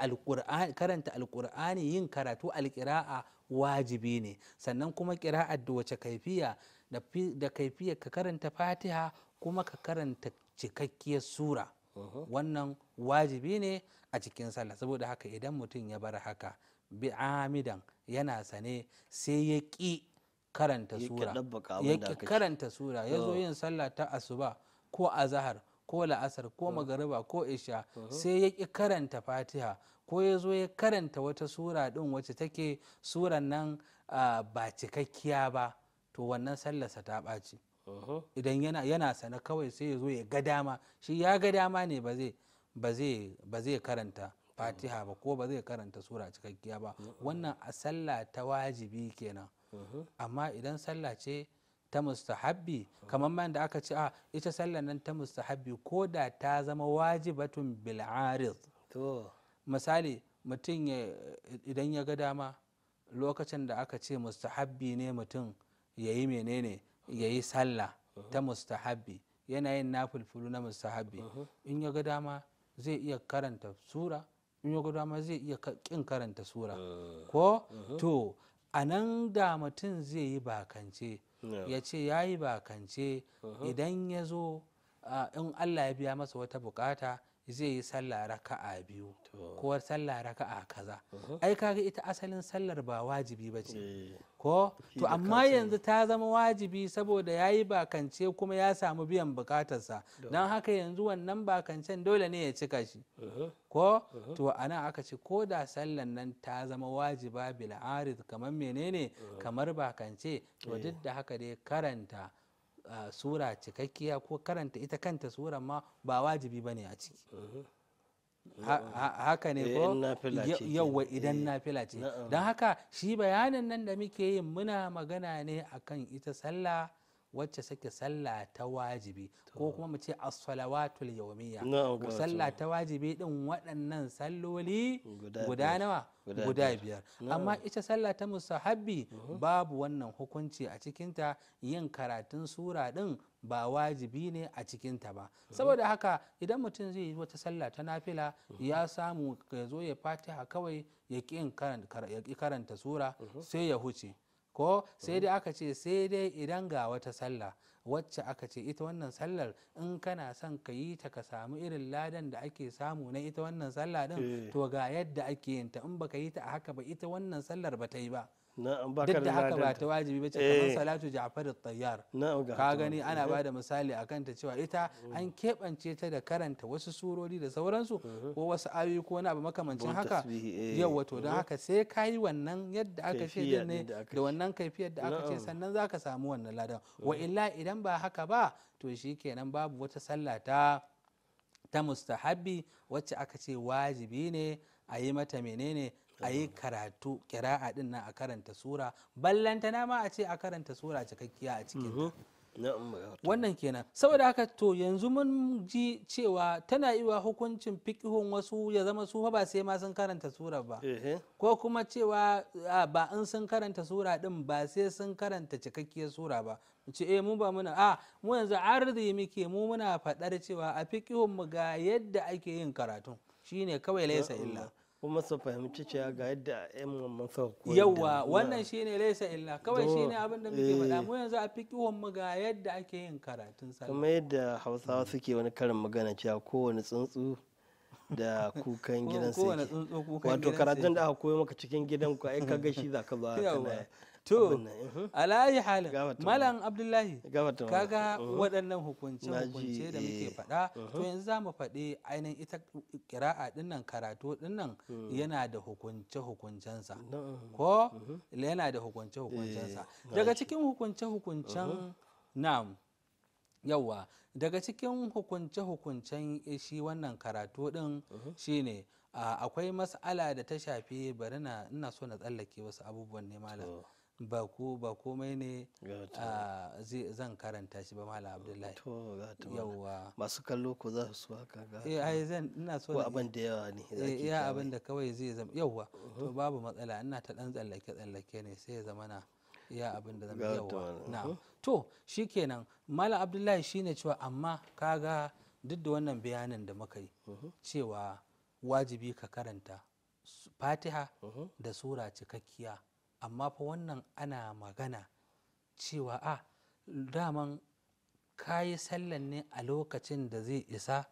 Speaker 2: karanta alkur'ani yin karatu alkira'a wajibi ne sannan kuma kira da wace kaifiya da kaifiyar ka karanta fatiha kuma ka karanta cikakkiyar sura wannan wajibi ne a cikin sallah saboda haka idan mutum ya bar haka bi amidan yana sane sai ya ƙi karanta sura ya karanta sura ya zo oh. yin sallah ta asuba ko azahar ko la'asar ko oh. magariba ko isha sai ya ƙi karanta fatiha ko ya zo ya karanta wata sura ɗin wacce take suran nan ba cikakkiya ba to wannan sallarsa ta ɓaci idan yana sana kawai sai ya zo ya ga dama shi ya ga dama ne ba zai karanta fatiha ba ko ba zai karanta sura cikakkiya ba wannan a sallah ta wajibi kenan amma idan sallah ce ta mustahabbi kamar man da aka ce a ah, ita sallar nan ta mustahabbi ko da ta zama wajibatun bil'arid misali mutum idan ya ga dama lokacin da aka ce mustahabbi ne mutum ya yi menene ya yi sallah ta uh-huh. mustahabbi yana yin nafulfulu na mustahabbi uh-huh. in ya ga dama zai iya karanta sura in ya ga dama zai iya kin karanta sura uh, ko uh-huh. to a nan da mutum zai yi bakance ya ce ya yi bakance idan ya zo in allah ya biya masa wata bukata zai yi sallah raka'a biyu ko sallah raka'a kaza ai kaga ita asalin sallar ba wajibi ba ce eh. ko to amma yanzu ta zama wajibi saboda ya yi bakance kuma ya samu biyan bukatarsa don haka yanzu wannan bakancen dole ne ya cika shi ko to ana aka ce ko da sallar nan ta zama wajiba bil'arid kamar menene kamar bakance to eh. duk da haka dai karanta sura cikakkiya ko karanta ita kanta sura ma ba wajibi ba ne a ciki mm-hmm. haka ne eh, ko yauwa idan eh, na fila ce don haka shi bayanin nan da muke yi muna magana ne akan ita sallah wacce sake sallah ta wajibi ko kuma mu ce as-salawatul yawmiyya sallah ta wajibi din waɗannan salloli guda nawa guda biyar amma ita sallah ta musahabbi uh-huh. babu wannan hukunci a cikinta yin karatun sura din ba wajibi ne a cikinta ba uh-huh. saboda haka idan mutum zai yi wata sallah ta nafila uh-huh. ya samu ya zo ya fatiha kawai ya ƙi karanta sura sai ya huce ko sai dai aka ce sai dai idan ga wata sallah wacce aka ce ita wannan sallar in kana son ka yi ta ka samu irin ladan da ake samu na ita wannan sallah din eh. to ga yadda ake yin ta in baka yi ta a haka ba ita wannan sallar ba ta yi ba duk da haka ba ta wajibi ba ce kamar eh. salatu ja'far tayyar ka gani ana eh. bada misali akan ta cewa ita mm. an kebance ta da karanta wasu surori da sauransu mm-hmm. ko wasu ayoyi ko wani abu makamancin haka yau wato don haka eh. mm-hmm. sai kai wannan yadda aka ce din ne da wannan kaifiyar da aka ce sannan zaka samu wannan ladan wa mm-hmm. illa idan ba haka ba to shi kenan babu wata sallah ta ta mustahabbi wacce aka ce wajibi ne a yi mata menene a yi karatu kira din nan a karanta sura na ma a ce a karanta sura cikakkiya a cikin mm-hmm. wannan kenan saboda haka to yanzu mun ji cewa tana iwa hukuncin fikihun wasu ya zama su ba sai ma sun karanta sura ba ko kuma cewa ba in sun karanta sura din ba sai sun karanta cikakkiyar sura ba ce eh mu ba muna a mu yanzu arzi muke mu muna faɗar cewa a fikihun mu ga yadda ake yin karatun shine kawai laisa illa
Speaker 1: kuma su fahimci cewa ga yadda yan mamman suka koyi yawa wannan
Speaker 2: shine laisa illa kawai shine abin da muke faɗa eh. mu yanzu a fikihun mu ga yadda ake yin karatun sallah kuma
Speaker 1: yadda hausawa suke wani karin magana cewa kowane tsuntsu da kukan gidan sai wato karatun da aka koyo maka cikin gidan ku ai kaga shi za ka zo kana to
Speaker 2: alayi halin malam abdullahi kaga waɗannan hukunce hukunce da muke faɗa to yanzu za mu faɗi ainihin ita kira'a dinnan karatu dinnan hmm. yana da hukunce hukuncensa ko yana da hukunce hukuncensa eh, daga cikin hukunce hukuncen nam yauwa daga cikin hukunce-hukuncen shi wannan karatu din uh-huh. shine akwai mas'ala da ta shafi bari na ina so na tsallake wasu abubuwan ne malam ba ko ba komai ne zan karanta shi ba malam abdullahi yauwa
Speaker 1: masu kallo ko za su haka ga eh ai zan ina so abin da yawa ne eh ya abin
Speaker 2: da kawai zai zama yauwa to uh-huh. babu matsala ina ta dan tsallake tsallake ne sai ya zama na iya abin da zan yawa na to shikenan malam abdullahi shine cewa amma kaga duk da wannan bayanin da muka yi mhm. cewa wajibi ka karanta fatiha mhm. da sura cikakkiya amma fa wannan ana magana cewa a ah, daman kayi sallan ne a lokacin da zai isa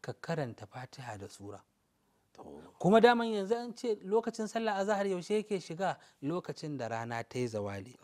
Speaker 2: ka karanta fatiha da sura kuma daman yanzu an ce lokacin sallah a Zahar yaushe yake shiga lokacin da rana ta yi zawali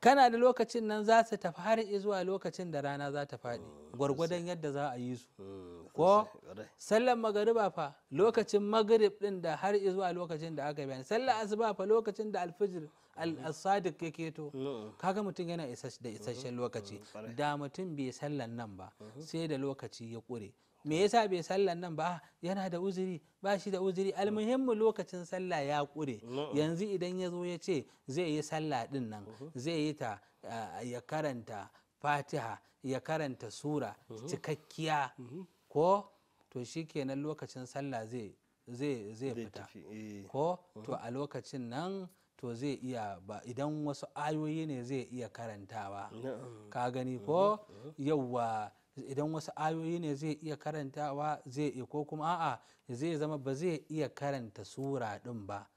Speaker 2: kana da lokacin nan za su tafi har zuwa lokacin da rana za ta faɗi mm, gwargwadon yadda za a yi su mm, ko sallar magariba fa lokacin magarib din da har zuwa lokacin da aka bayani sallar asuba fa lokacin da alfijir al-sadiq mm. ya keto kaga mutum yana da isasshen mm-hmm. lokaci da mutum bai sallan nan ba mm-hmm. sai da lokaci ya ƙure me yasa bai sallan nan ba yana da uzuri ba shi da uzuri mm. almuhimmu lokacin sallah ya kure yanzu idan ya zo ya ce zai yi sallah din nan mm-hmm. zai yi ta ya karanta fatiha ya karanta sura mm-hmm. cikakkiya mm-hmm. ko to shikenan lokacin sallah zai zai fita eh. ko to a lokacin nan to zai iya ba idan wasu ayoyi ne zai iya karantawa ka gani ko yauwa idan wasu ayoyi ne zai iya karantawa zai iya ko kuma a'a zai zama ba zai iya karanta sura din ba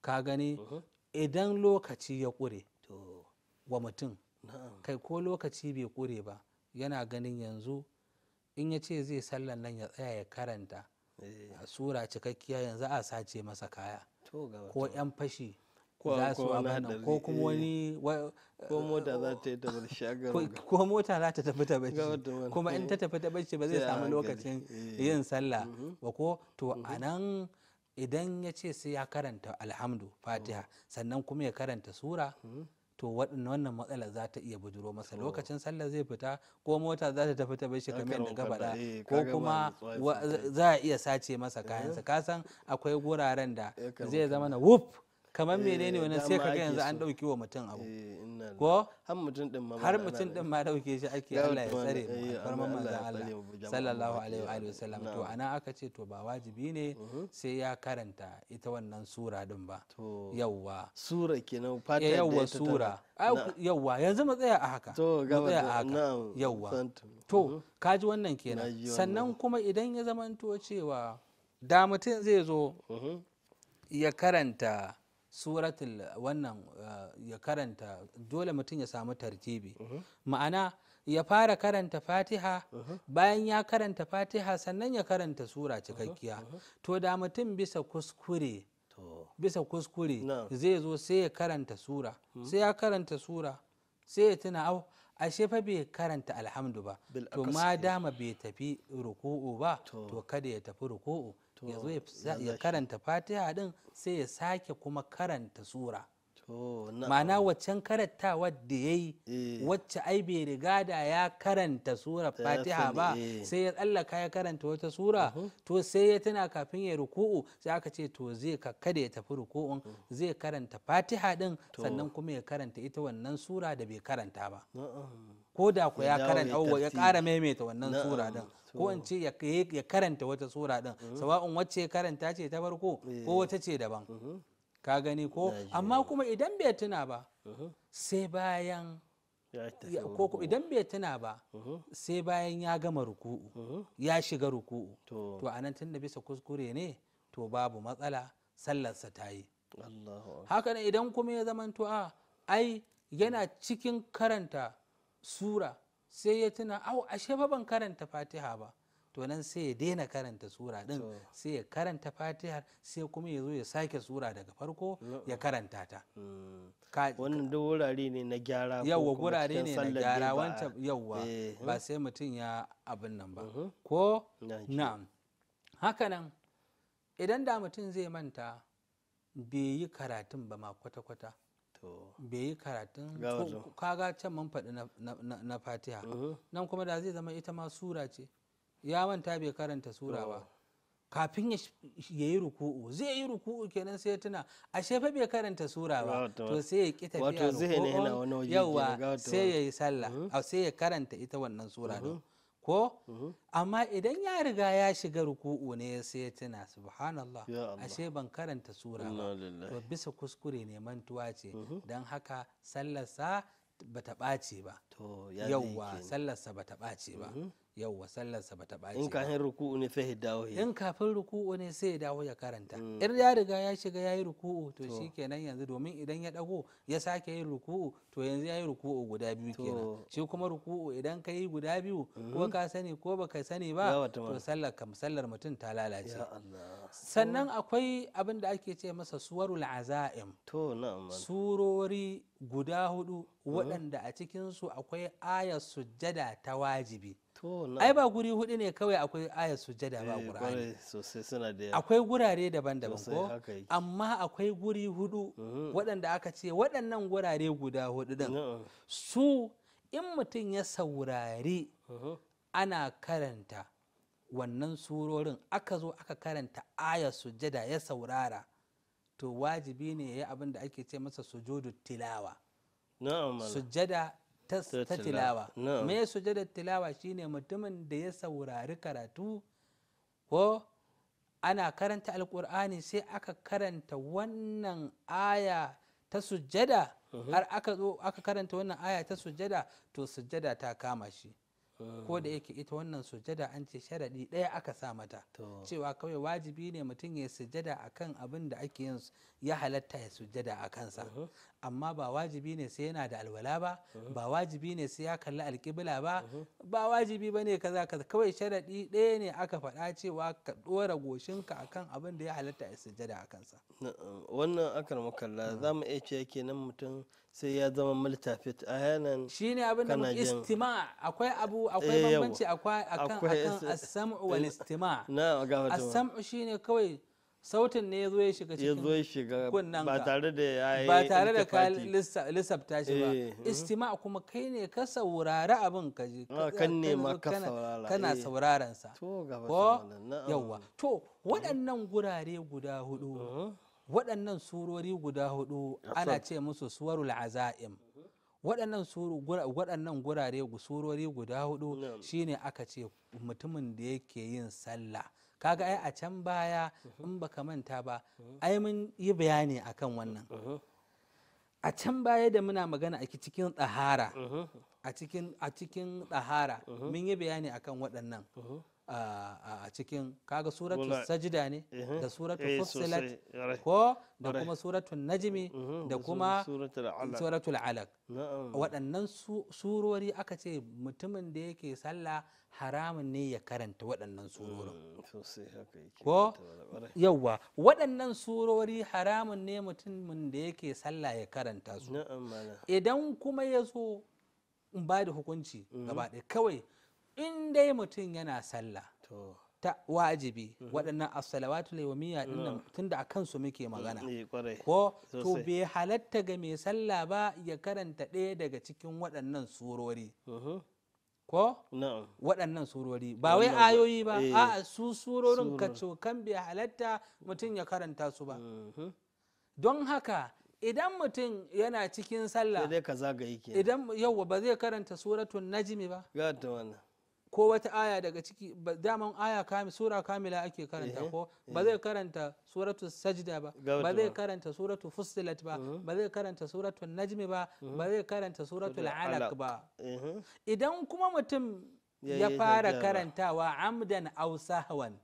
Speaker 2: ka gani mhm. idan lokaci ya kure wa mutum kai ko lokaci bai ƙure ba yana ganin yanzu in ya ce zai sallan nan ya tsaya ya karanta eh. sura cikakkiya yanzu a sace masa kaya ko 'yan fashi za su abin ko kuma wani ko mota za ta yi ta bar shagar ko mota za ta tafi ta bacci kuma in ta tafi ta bacci ba zai samu lokacin eh. yin sallah mm-hmm. ba ko to mm-hmm. anan idan ya ce sai ya karanta alhamdu fatiha mm. sannan kuma ya karanta sura mm-hmm. to wannan matsalar za ta iya bujuro masa lokacin sallah zai fita ko mota za ta tafi ta bai shi kamar da gabaɗa eh, ko kuma za a iya sace masa kayansa eh. kasan akwai wuraren da zai zama na wuf kamar menene wannan eh, sai kaga yanzu an dauki wa mutum abu eh, ko har mutum din ma har mutum din ma dauke shi ake Allah ya tsare mu eh, farman manzon Allah sallallahu alaihi wa sallam to ana aka ce to ba wajibi ne mm-hmm. sai ya karanta ita wannan sura din ba yawwa sura kenan fatan yawwa sura yawwa yanzu mu tsaya a haka to gaba a haka yawwa to mm-hmm. kaji wannan kenan sannan kuma idan ya zamanto cewa da mutum zai zo mm-hmm. ya karanta suratul wannan eh, ya karanta dole mutum ya samu tartibi ma'ana ya fara karanta fatiha bayan ya karanta fatiha sannan ya karanta sura cikakkiya to da mutum bisa kuskure bisa kuskure zai zo sai ya karanta sura sai ya karanta sura sai ya tuna au ashe fa bai karanta alhamdu ba to ma dama bai tafi ruku'u ba to kada ya tafi ruku'u ya zo ya karanta fatiha din sai ya sake kuma karanta sura ma'ana waccan karantawa da ya yi eh. wacce ai bai riga da ya karanta sura fatiha ba eh. sai ya tsallaka ya karanta wata sura uh-huh. to sai ya tana kafin ya ruku'u sai aka ce to zai kada ya tafi ruku'un uh-huh. zai karanta fatiha din sannan kuma ya karanta ita wannan sura da bai karanta ba ko da ku ya karanta ya kara maimaita wannan sura din ko in ce ya karanta wata sura din mm-hmm. sawa'un wacce ya karanta ce ta farko ko eh. wata ce daban mm-hmm. ka gani ko amma kuma idan bai tuna ba mm-hmm. sai bayan ko idan bai tuna ba sai bayan ya gama ruku'u ya shiga ruku'u to a nan tunda bisa kuskure ne to babu matsala sallarsa ta yi haka idan kuma ya zama a ai yana cikin karanta sura sai ya tuna au ashe ba ban karanta fatiha ba to nan sai ya daina karanta sura din sai ya karanta Fatiha sai kuma ya zo ya sake sura daga farko ya karanta ta hmm. wannan duk wurare ne na gyara yawa wurare ne na gyara wancan yawa eh. ba sai mutum ya abin nan ba mm-hmm. ko na'am haka nan idan da mutum zai manta bai yi karatun ba ma kwata-kwata bai yi karatun kaga can mun faɗi na fatiha uh-huh. nan kuma da zai zama ita ma sura ce ya manta bai karanta sura ba kafin ya yi ruku'u zai yi ruku'u kenan sai tuna a shefa bai karanta sura ba to sai ya ƙi tafiya ruku'u yauwa sai ya yi sallah uh-huh. sai ya karanta ita wannan sura uh-huh. ko mhm. amma idan ya riga ya shiga ruku'u ne sai ya tuna subhanallah ashe ban karanta sura
Speaker 1: ba to
Speaker 2: bisa kuskure ne mantuwa ce mhm. don haka sallarsa bata ɓace ba yauwa sallarsa bata ɓace ba mhm. yauwa sallarsa bata ɓaci in kafin
Speaker 1: ruku'u ne sai ya dawo ya
Speaker 2: in kafin ruku'u ne sai ya dawo ya karanta mm. in ya riga ya shiga yayi yi ruku'u to shikenan yanzu domin idan ya dago ya sake yin ruku'u to yanzu yayi ruku'u guda biyu kenan shi kuma ruku'u idan ka yi guda biyu mm-hmm. ko ka sani ko baka sani ba to sallar kam sallar mutum ta lalace sannan akwai abin da ake ce masa suwarul azaim to na'am surori guda hudu mm-hmm. waɗanda a cikin su akwai ayar sujjada ta wajibi ai ba guri hudu ne kawai akwai ayat sujada ba eh, qur'ani akwai gurare daban-daban ko amma akwai guri hudu mm-hmm. waɗanda aka ce waɗannan gurare guda hudu din su in mutum ya saurari mm-hmm. ana karanta wannan surorin aka zo aka karanta ayat sujada ya saurara to wajibi ne ya yi abin da ake ce masa sujudu tilawa sujada ta tilawa me sujada tilawa shine mutumin da ya saurari karatu ko ana karanta alkur'ani sai aka karanta wannan aya ta sujada uh-huh. har aka karanta wannan aya ta sujada to sujada ta kama shi uh. ko da yake ita wannan sujada an ce sharadi ɗaya aka sa mata cewa kawai wajibi ne mutum ya sujada akan abin da ake yin ya halatta ya sujada a kansa uh-huh. amma ba wajibi ne sai yana da alwala ba ba wajibi ne sai ya kalli alƙibla ba ba wajibi ba ne kaza kaza kawai sharaɗi ɗaya ne aka faɗa cewa ka ɗora goshinka akan abin da ya halatta a sujjada a kansa
Speaker 1: wannan akar makalla za mu iya cewa kenan mutum sai ya zama
Speaker 2: multafit a yanan shi ne abin da istima akwai abu eh, akwai bambanci akan akan as-sam'u wal istima as-sam'u shine kawai sautin ne ya zo ya shiga cikin ya shiga ba tare da ya yi ba tare da ka lissafta shi ba eh, mhm. istima kuma kai ne ka saurari abin ka ji ah, kan ne ma ka saurara kana eh. sauraron sa to gaba yawa to waɗannan gurare guda hudu mhm. waɗannan surori guda hudu ana ce musu suwarul azaim waɗannan waɗannan gurare surori guda hudu shine aka ce mutumin da yake yin sallah kaga ai a can baya uhuh. in baka manta ba ai mun yi bayani akan wannan uhuh. a can baya da muna magana a cikin tsahara uhuh. a cikin tsahara mun yi bayani akan waɗannan a cikin kaga suratul sajida ne da suratul eh, fussilat ko da kuma suratul najmi mm-hmm. da kuma suratul alaq waɗannan surori aka ce mutumin da yake sallah haramun ne ya karanta waɗannan surorin mm, ko yawwa waɗannan surori haramun ne mutumin da yake sallah ya karanta su idan kuma ya zo ba da hukunci mm-hmm. gaba ɗaya kawai in dai mutum yana sallah ta wajibi mhm. waɗannan Asalawatu salawatu layawmiya tun da a su muke magana mm, eh, ko to bai halatta ga mai sallah ba ya karanta ɗaya daga cikin waɗannan surori mm-hmm. ko waɗannan surori ba wai ayoyi ba eh. a su surorin ka kan bai halatta mutum ya karanta su ba mm-hmm. don haka idan mutum yana cikin sallah idan yawwa ba zai karanta suratun najimi ba ko wata aya daga ciki daman aya kami sura kamila ake karanta eh, ko eh. ba zai karanta suratu sajda ba mm-hmm. ba zai karanta suratu fussilat ba mm-hmm. ba zai karanta suratu najmi ba ba zai karanta suratu alaq ba mm-hmm. idan kuma mutum
Speaker 1: ya fara
Speaker 2: karantawa amdan aw sahwan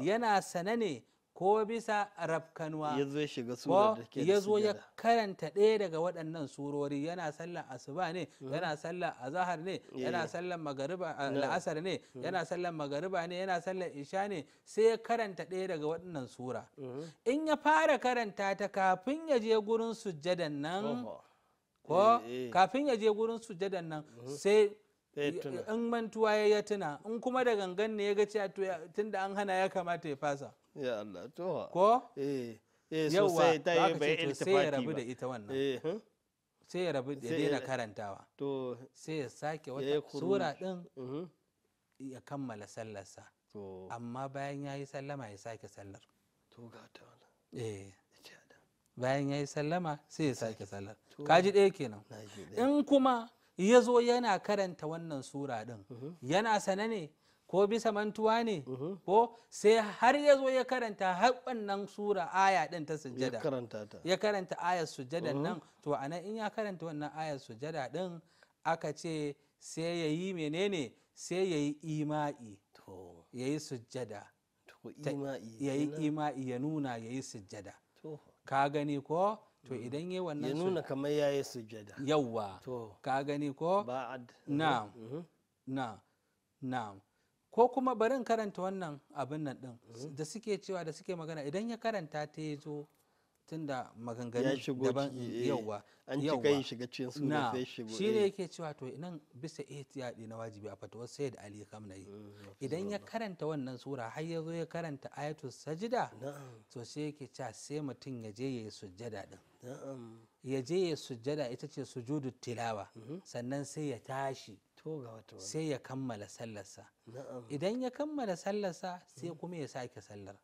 Speaker 2: yana sanane ko bisa rabkanwa ya zo ya shiga surar da ke ya zo ya karanta ɗaya daga waɗannan surori yana sallan asuba ne hmm. yana sallan azahar ne yana sallan magariba la'asar ne hmm. yana sallan magariba ne yana sallan isha ne sai ya karanta ɗaya daga waɗannan sura hmm. in ya fara karanta ta kafin ya je gurin sujjadan nan ko eh, eh. kafin ya je gurin sujjadan nan sai in mantuwa ya tuna in kuma da gangan ne ya ga cewa tunda an hana ya kamata ya fasa
Speaker 1: ya Allah to ko eh
Speaker 2: eh sosai ta yi bai iltifati sai ya rabu da ita wannan eh sai ya rabu da daina karantawa to sai ya sake wata sura din mm-hmm. ya kammala sallarsa amma bayan ya yi sallama ya sake sallar to ga ta eh bayan ya yi sallama sai ya sake sallar kaji ɗaya kenan in kuma ya zo yana karanta wannan sura din mm-hmm. yana sane ne ko bisa mantuwa ne ko sai har ya zo ya karanta har wannan sura aya din ta sujjada ya karanta ayar sujjada nan to anan in ya karanta wannan ayar sujjada din aka ce sai ya yi menene sai ya yi ima'i ya yi sujjada ya yi ima'i ya nuna ya yi sujjada ka gani ko to mm. idan yi wannan ya nuna kamar ya yi sujjada yawwa ka gani ko Na na na. ko kuma bari barin karanta wannan abin nan din mm-hmm. da suke cewa da suke magana idan ya karanta ta ya zo tun da maganganu daban eh, yauwa an na shi ne eh. yake cewa to nan bisa ihtiyadi na wajibi a fatawar sayyid ali yi mm, idan ya karanta wannan sura har ya zo ya karanta ayatu sajida to sai yake cewa sai mutum ya je ya yi sujjada din ya je ya sujjada ita ce sujudu tilawa mm-hmm. sannan sai ya tashi sai ya kammala sallarsa idan ya kammala sallarsa sai mm. kuma ya sake sallar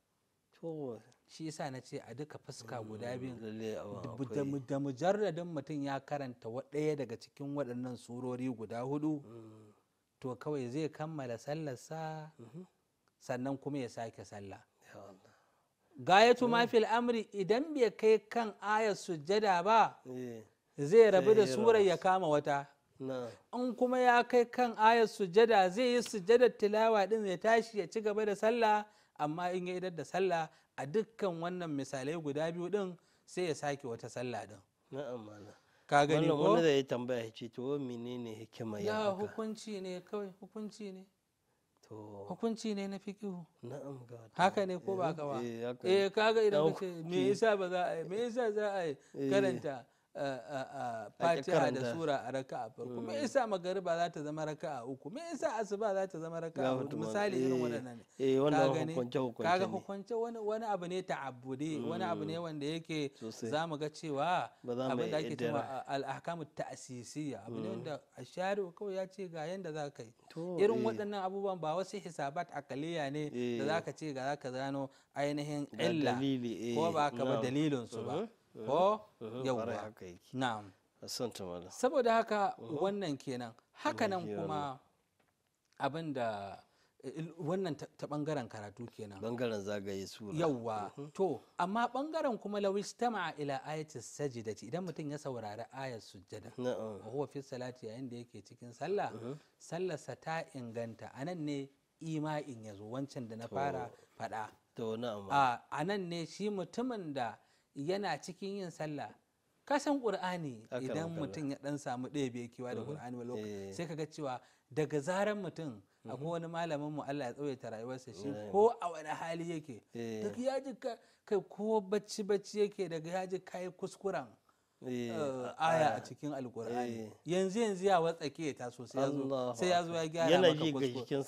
Speaker 2: shi yasa na ce a duka fuska mm, guda biyu da mujarradin mutum ya karanta ɗaya daga cikin waɗannan surori guda hudu mm. to kawai zai kammala sallarsa mm-hmm. sannan kuma ya sake sallah gaya ma fil amri idan bai kai kan ayar sujjada ba eh. zai rabu da surar ya kama wata in kuma ya kai kan ayar sujada zai yi sujada tilawa din zai tashi ya ci gaba da sallah amma in ya idar da sallah a dukkan wannan misalai guda biyu din sai ya sake wata sallah din ka gani ko wanda zai tambaya ya ce to
Speaker 1: menene hikima ya haka
Speaker 2: hukunci ne kawai hukunci ne hukunci ne na fiqihu na'am haka ne ko ba eh, ka ba eh kaga eh, idan kace me yasa ba za a yi me yasa za a yi eh. karanta fatiha da sura a raka'a farko me mm. yasa magariba za ta zama raka'a uku me yasa asuba za ta zama raka'a uku misali irin eh, eh, wannan ne ka gani kaga hukunce wani abu ne Abude. wani abu ne mm. wanda yake zamu ga cewa abin da ake cewa al-ahkamu ta'sisiyya abu ne mm. wanda ashari kawai ya ce ga yanda za ka yi irin eh. waɗannan abubuwan ba wasu hisabat akaliya ne da za ka ce ga za ka gano ainihin illa ko ba ka ba dalilinsu ba mm-hmm. ko yawwa na'am saboda haka wannan kenan hakanan kuma abin wannan ta bangaren karatu kenan bangaren zagaye sura yawwa to amma bangaren kuma law istama'a ila ayati sajdati idan mutum ya saurari ayat sujjada wa huwa fi salati yayin da yake cikin sallah sa ta inganta anan ne ima'in yazo wancan da na fara fada
Speaker 1: to na'am a
Speaker 2: anan ne shi mutumin da yana cikin yin sallah kasan qur'ani idan mutum ya dan samu ɗaya bai kewa da uh-huh. qur'ani lokaci eh. sai kaga cewa daga zaran mutum uh-huh. akwai wani malamin mu Allah ya tsawaita rayuwarsa shi ko a wani hali yake eh. duk ya ji kai ko bacci bacci yake daga ya ji kai kuskuren eh. uh, ah, aya ah. a cikin alkur'ani yanzu yanzu ya watsake ta so sai ya zo ya gyara maka kuskure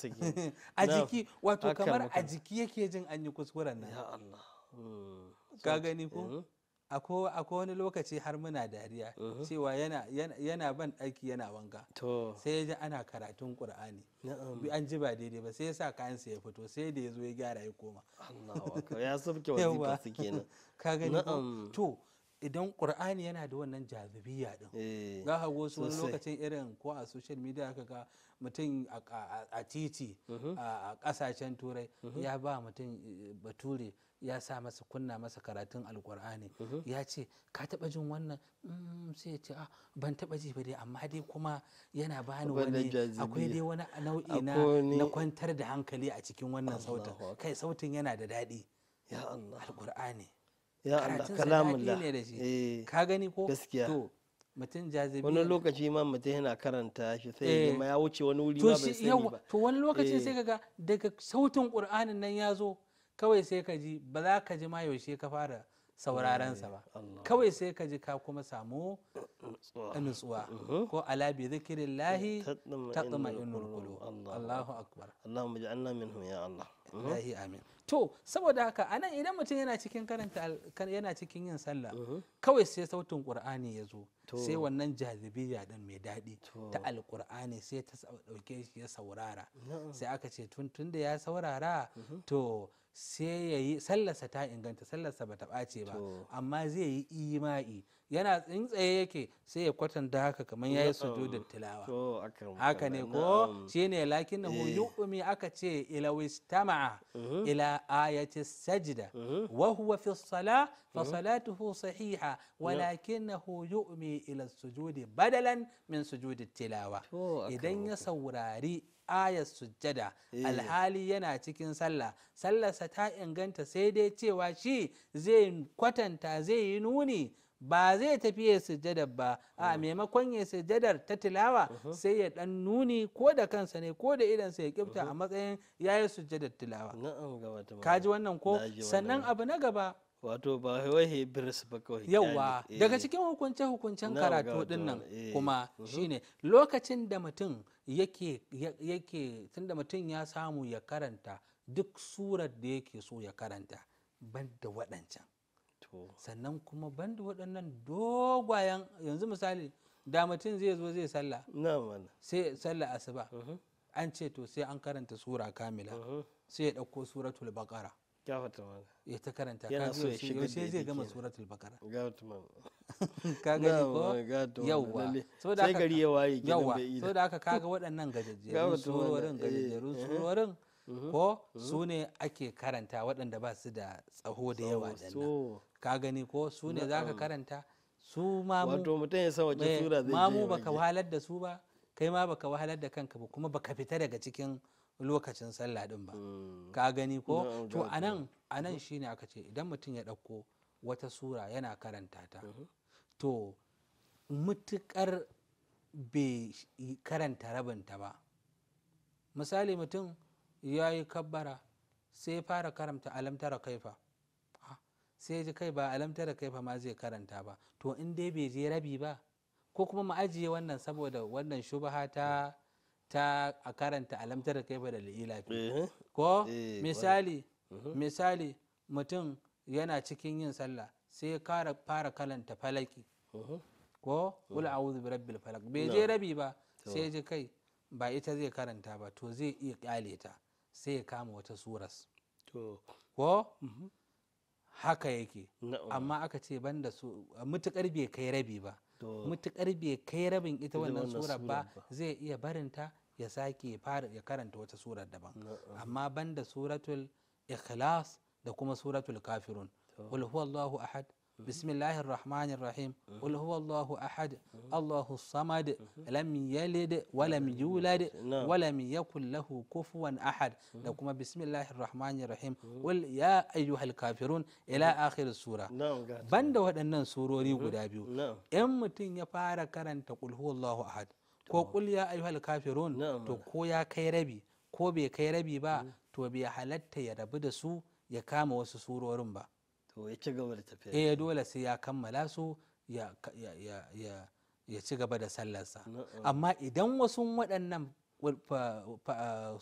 Speaker 2: a jiki wato kamar a jiki yake jin an yi kuskuren nan hmm. ka gani ko mm-hmm. akwai wani lokaci har muna dariya mm-hmm. cewa yana ban ɗaki yana wanka sai ya ji ana karatun ƙur'ani bi an ji ba daidai ba sai ya sa kayansa ya fito sai da ya zo ya gyara ya koma ya sabke wazifa su kenan ka gani to idan ƙur'ani yana da wannan jazibiyya din eh, za ka wasu lokacin irin ko a social media ka ga mutum a titi mhm. a kasashen turai mhm. ya ba mutum eh, bature ya sa masa kunna masa karatun alƙur'ani mhm. ya ce ka taɓa jin wannan mm, sai ce a ah, ban taɓa ji ba dai amma dai kuma yana bani wani akwai dai wani nau'i na kwantar da hankali a cikin wannan sautin kai sautin yana da daɗi ya Allah alkur'ani ya Allah kalamullah eh, ka gani ko gaskiya mutum jazibi wani
Speaker 1: lokaci ma mutum yana karanta shi sai eh. ma ya wuce wani wuri ma bai sani ba to wani lokaci eh. sai
Speaker 2: kaga daga sautin qur'anin nan ya zo kawai sai ka ji ba za ka ji ma yaushe ka fara saurarensa ba kawai sai ka ji ka kuma samu nutsuwa mm-hmm. ko ala bi zikrillahi taqma'innul qulub Allahu akbar Allahumma ij'alna minhum ya Allah Allahi mm-hmm. amin to saboda haka anan idan mutum yana cikin karanta yana cikin yin sallah kawai sai sautin qur'ani ya zo sai wannan jazibiya din mai daɗi ta alqur'ani sai ta dauke shi ya saurara sai aka ce tun tun da ya saurara to sai yayi sallarsa ta inganta sallarsa bata ɓace ba amma zai yi imai yana tsintsaye yake sai ya kwatanta haka kamar yayi sujudin tilawa haka ne ko shine lakin na eh. yu'mi aka ce ila wistama'a mhm. ila ayati sajda mhm. wa huwa fi salah fa mhm. salatuhu sahiha walakinahu yu'mi ila sujudi badalan min sujudin tilawa idan ya saurari ayar sujjada eh. alhali yana cikin sallah sallarsa ta inganta sai dai cewa shi zai kwatanta zai yi nuni ba zai tafi ya sujjadar ba a hmm. maimakon ya sujjadar ta tilawa uh-huh. sai ya dan nuni ko da kansa ne ko da idansa ya kifta a uh-huh. matsayin ya yi sujjadar tilawa kaji wannan ko sannan abu na gaba wato
Speaker 1: ba wai
Speaker 2: ba kawai yawa eh. daga cikin hukunce hukuncen karatu din nan eh. kuma uh-huh. shine lokacin da mutum yake yake tunda mutum ya samu ya karanta duk surar da yake so ya karanta ban da waɗancan sannan kuma banda waɗannan dogwayen yanzu misali da mutum zai zo zai sallah sai sallah asuba mhm. an ce to sai an karanta sura kamila mhm. sai ya ɗauko suratul baqara ya ta karanta yana so ya shiga sai zai gama
Speaker 1: suratul baqara ka gani ko yau sai gari ya waye yawa saboda haka kaga waɗannan gajejjerun surorin gajejjerun eh. surorin
Speaker 2: Mm-hmm. ko mm-hmm. su ne ake karanta waɗanda ba su da tsaho da yawa danna ka gani ko su ne za ka karanta su mamu wato mutum ya san wace zai mamu baka wahalar da su ba kai ma baka wahalar da kanka ba kuma baka fita daga cikin lokacin sallah din ba mm. ka gani ko to anan anan mm-hmm. shine aka ce idan mutum ya ɗauko wata sura yana karanta ta to mutukar bai karanta rabinta ba misali mutum ya yi kabbara sai ya fara karanta alamtara kaifa sai ji kai ba alamtara kaifa ma zai karanta ba to in dai bai je rabi ba ko kuma mu ajiye wannan saboda wannan shubaha ta ta a karanta alamtara kaifa da li'ila eh, ko eh, misali mhm. misali mutum yana cikin yin sallah sai ya fara kalanta falaki mhm. ko wul mhm. a'udhu bi rabbil falaki bai je rabi ba sai ji kai ba ita zai karanta ba to zai iya kyale ta sai ya kama wata suras ko mm-hmm. haka yake amma aka ce banda su mutukar bai kai rabi ba mutukar bai kai rabin ita wannan surar ba zai iya barinta ya sake ya karanta wata surar daban amma banda suratul ikhlas da kuma suratul kafirun qul huwallahu ahad bismillahir rahmanir rahim qul huwallahu ahad allahu samad lam yalid wa lam yulad wa lam yakul lahu ahad da kuma bismillahir rahmanir rahim qul ya ayyuhal kafirun ila akhir sura banda waɗannan surori guda biyu in mutum ya fara karanta qul huwallahu ahad ko qul ya ayyuhal kafirun to ko ya kai rabi ko bai kai rabi ba to bai halatta ya rabu da su ya kama wasu surorin ba ya ci gaba da tafiya eh dole sai ya kammala su ya ya ci gaba da sallarsa amma idan wasu waɗannan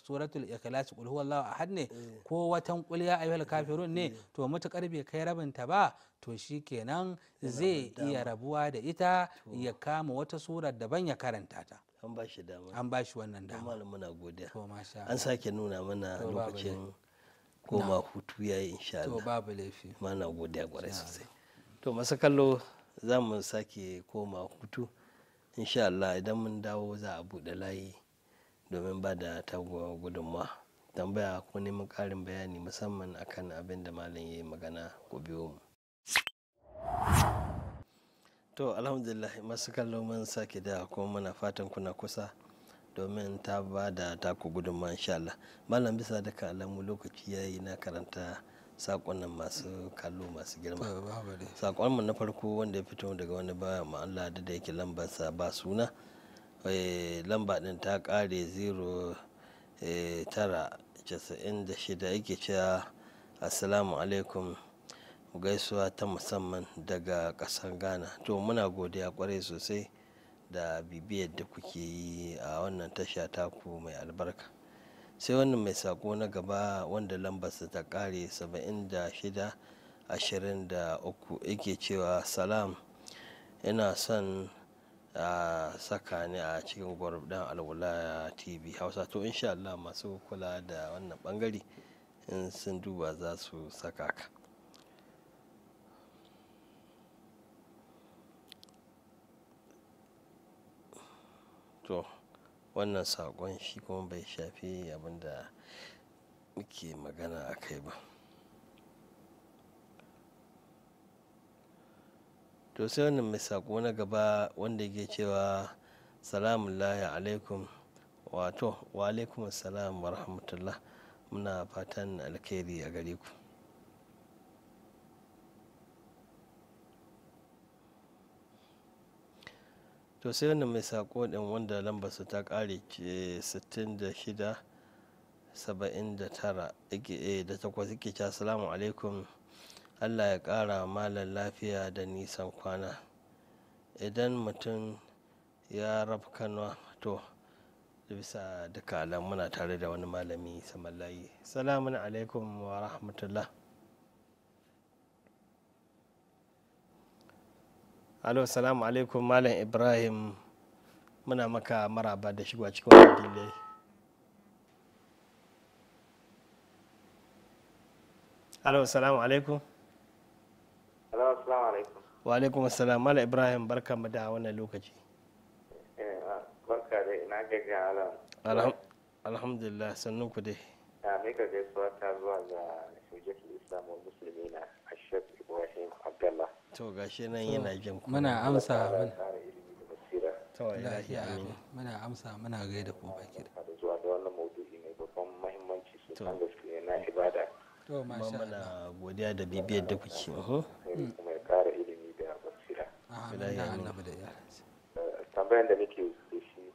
Speaker 2: suratul ikhlas qul huwallahu ahad ne eh. ko watan qul ya ayyuhal kafirun ne eh. to mutu bai kai ta ba to shikenan zai iya rabuwa da ita ya kama wata surar daban ya karanta ta
Speaker 1: an ba shi dama an ba wannan dama na godiya an sake nuna mana lokacin koma hutu ya yi To babu laifi. kwarai sosai. To masu kallo za mu sake koma hutu insha idan mun dawo za a buɗe layi domin ba da tagowa gudunmawa. Tambaya ko neman ƙarin bayani musamman akan abin da malam ya yi magana ko biyo mu. To alhamdulillah masu kallo mun sake da kuma muna fatan kuna kusa. domin ta ba da taku gudunmawa insha Allah malam bisa da alamu lokaci ya yi na karanta sakonnan masu kallo masu girma sakonmu na farko wanda ya fito daga wani baya ma Allah da yake lambarsa ba suna eh, lamba din ta kare 0996 eh, yake cewa assalamu alaikum gaisuwa ta musamman daga ƙasar ghana to muna godiya kwarai sosai da bibiyar da kuke yi a wannan tasha taku mai albarka sai wannan mai sako na gaba wanda lambarsa ta kare 76 23 yake cewa salam ina son a saka ni a cikin gwarabdan alwala tv hausa to insha Allah masu kula da wannan bangare in sun duba za su saka ka to wannan saƙon shi kuma bai shafi abinda muke magana a kai ba to sai wannan mai saƙo na gaba wanda yake cewa salamun lahi alaikum wato wa alaikum salam wa rahmatullah muna fatan alkhairi a gare ku to sai wannan mai sako din wanda su ta kare 6679 79 da takwas ke ci assalamu alaikum allah ya kara malar lafiya da nisan kwana idan mutum ya rafkanwa to bisa duka alamuna tare da wani malami samallayi salamun alaikum wa rahmatullah alo salamu alaikum malam ibrahim muna maka maraba da shigowa cikin wannan dile alo salamu alaikum alaikum wa alaikum assalam malam ibrahim barka mu da wannan lokaci
Speaker 3: eh, barka da ina
Speaker 1: alhamdulillah sannun ku dai
Speaker 3: ya mika gaisuwa ta zuwa ga
Speaker 1: to gashi nan yana jin muna amsa mana
Speaker 2: to amin muna amsa muna gaida ku da zuwa da wannan maudu'i mai babban muhimmanci
Speaker 3: gaskiya na ibada to masha Allah
Speaker 1: godiya da bibiyar da kuke
Speaker 3: kuma ya kara ilimi da basira ah, amin da annabi da ya eh, tambayar da nake da shi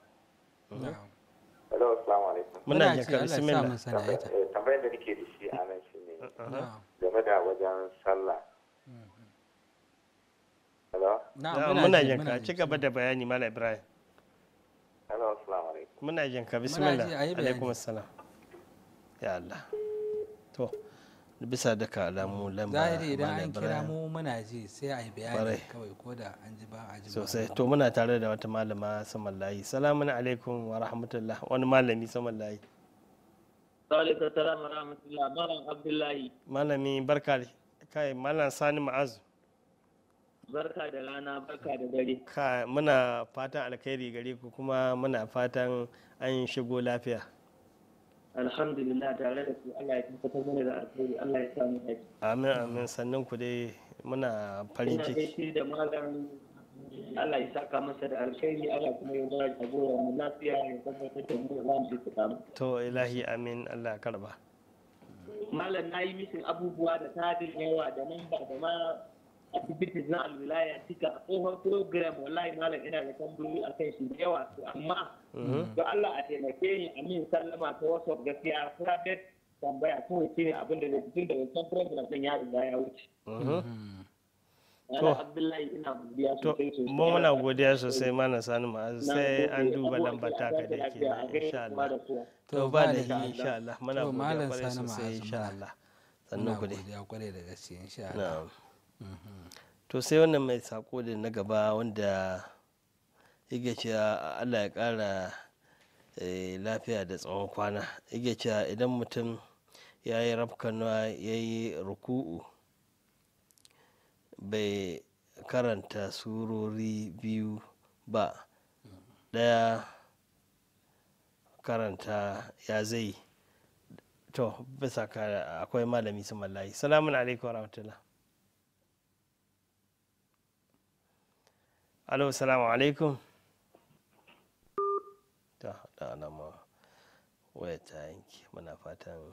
Speaker 3: Hello, assalamu alaikum. Muna jin ka bismillah. Eh, da nake da shi a nan shine game da wajen sallah muna jin ka ci
Speaker 1: gaba da bayani mala ibrahim muna jin ka bismillah alaikum assalam ya allah to bisa da ka alamu lamba zahiri idan an kira
Speaker 3: mu
Speaker 2: muna ji sai a yi bayani kawai ko da an ji ba
Speaker 1: a ji sosai to muna tare da wata malama saman layi salamun alaikum wa rahmatullah wani malami saman layi
Speaker 2: alaikum
Speaker 3: salam wa rahmatullah malam abdullahi
Speaker 1: malami barka kai malam sani ma'azu
Speaker 3: barka da rana barka da dare
Speaker 1: ka muna fatan alkhairi gare ku kuma muna fatan an shigo lafiya
Speaker 3: alhamdulillah tare da ku Allah ya tabbatar mana da alkhairi Allah ya sa mu dace
Speaker 1: amin amin sannan ku dai muna farin ciki
Speaker 3: Ina da malam Allah ya saka masa da alkhairi Allah kuma ya da jagora mu lafiya ya tabbatar da mu za mu ji
Speaker 1: to ilahi amin Allah karba
Speaker 3: malam na yi misin abubuwa da tarin yawa da nan ba da ma asibiti na alwilaya cika tsohon program wallahi malam ina da tambayoyi a kan shi da yawa su amma don mm-hmm. Allah a taimake ni a min sallama ta wasu gaskiya private tambaya kawai shi ne abinda da tun daga kan program din ya riga ya wuce. Mun na
Speaker 1: godiya sosai mana sani ma'azu sai an duba lambar taka da
Speaker 3: ke insha Allah. To, ba da insha Allah,
Speaker 1: muna godiya kwarai sosai insha
Speaker 2: Allah. Sannan godiya kwarai da gaske insha Allah.
Speaker 1: to sai wannan mai sako da na gaba wanda yake cewa allah ya kara eh, lafiya da tsawon kwana yake cewa idan mutum ya yi rafkanuwa ya yi ruku'u bai karanta surori biyu ba daya karanta ya zai to bisa akwai malami su layi salamun alaikawar warahmatullahi alo salamu alaikum ta haɗa alama waya ta yanki muna fatan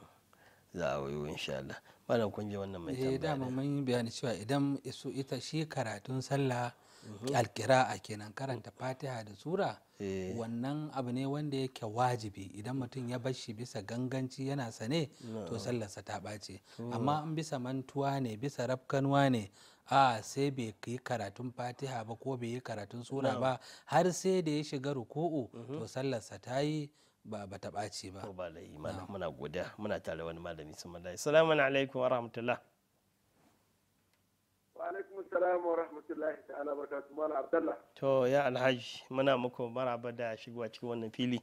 Speaker 1: za a wayo insha Allah malam kun je wannan mai eh, tambaya eh dama
Speaker 2: mun yi bayani cewa idan su ita shi karatun sallah mhm. alkira'a kenan karanta fatiha da sura eh. wannan abu ne wanda yake wajibi idan mutum ya bar shi bisa ganganci yana sane to sallarsa ta ɓace hmm. amma in bisa mantuwa ne bisa rafkanwa ne a sai bai yi karatun fatiha ba ko bai yi karatun sura ba har sai da ya shiga ruku'u mm-hmm. to sallarsa ta yi
Speaker 1: ba ba ta ɓaci ba. muna goda muna tare wani malami sun mallai. Salamu alaikum wa rahmatullah.
Speaker 4: Wa alaikum salam wa rahmatullahi ta'ala barkatu mala Abdallah.
Speaker 1: To ya alhaji muna muku maraba da shigowa cikin wannan fili.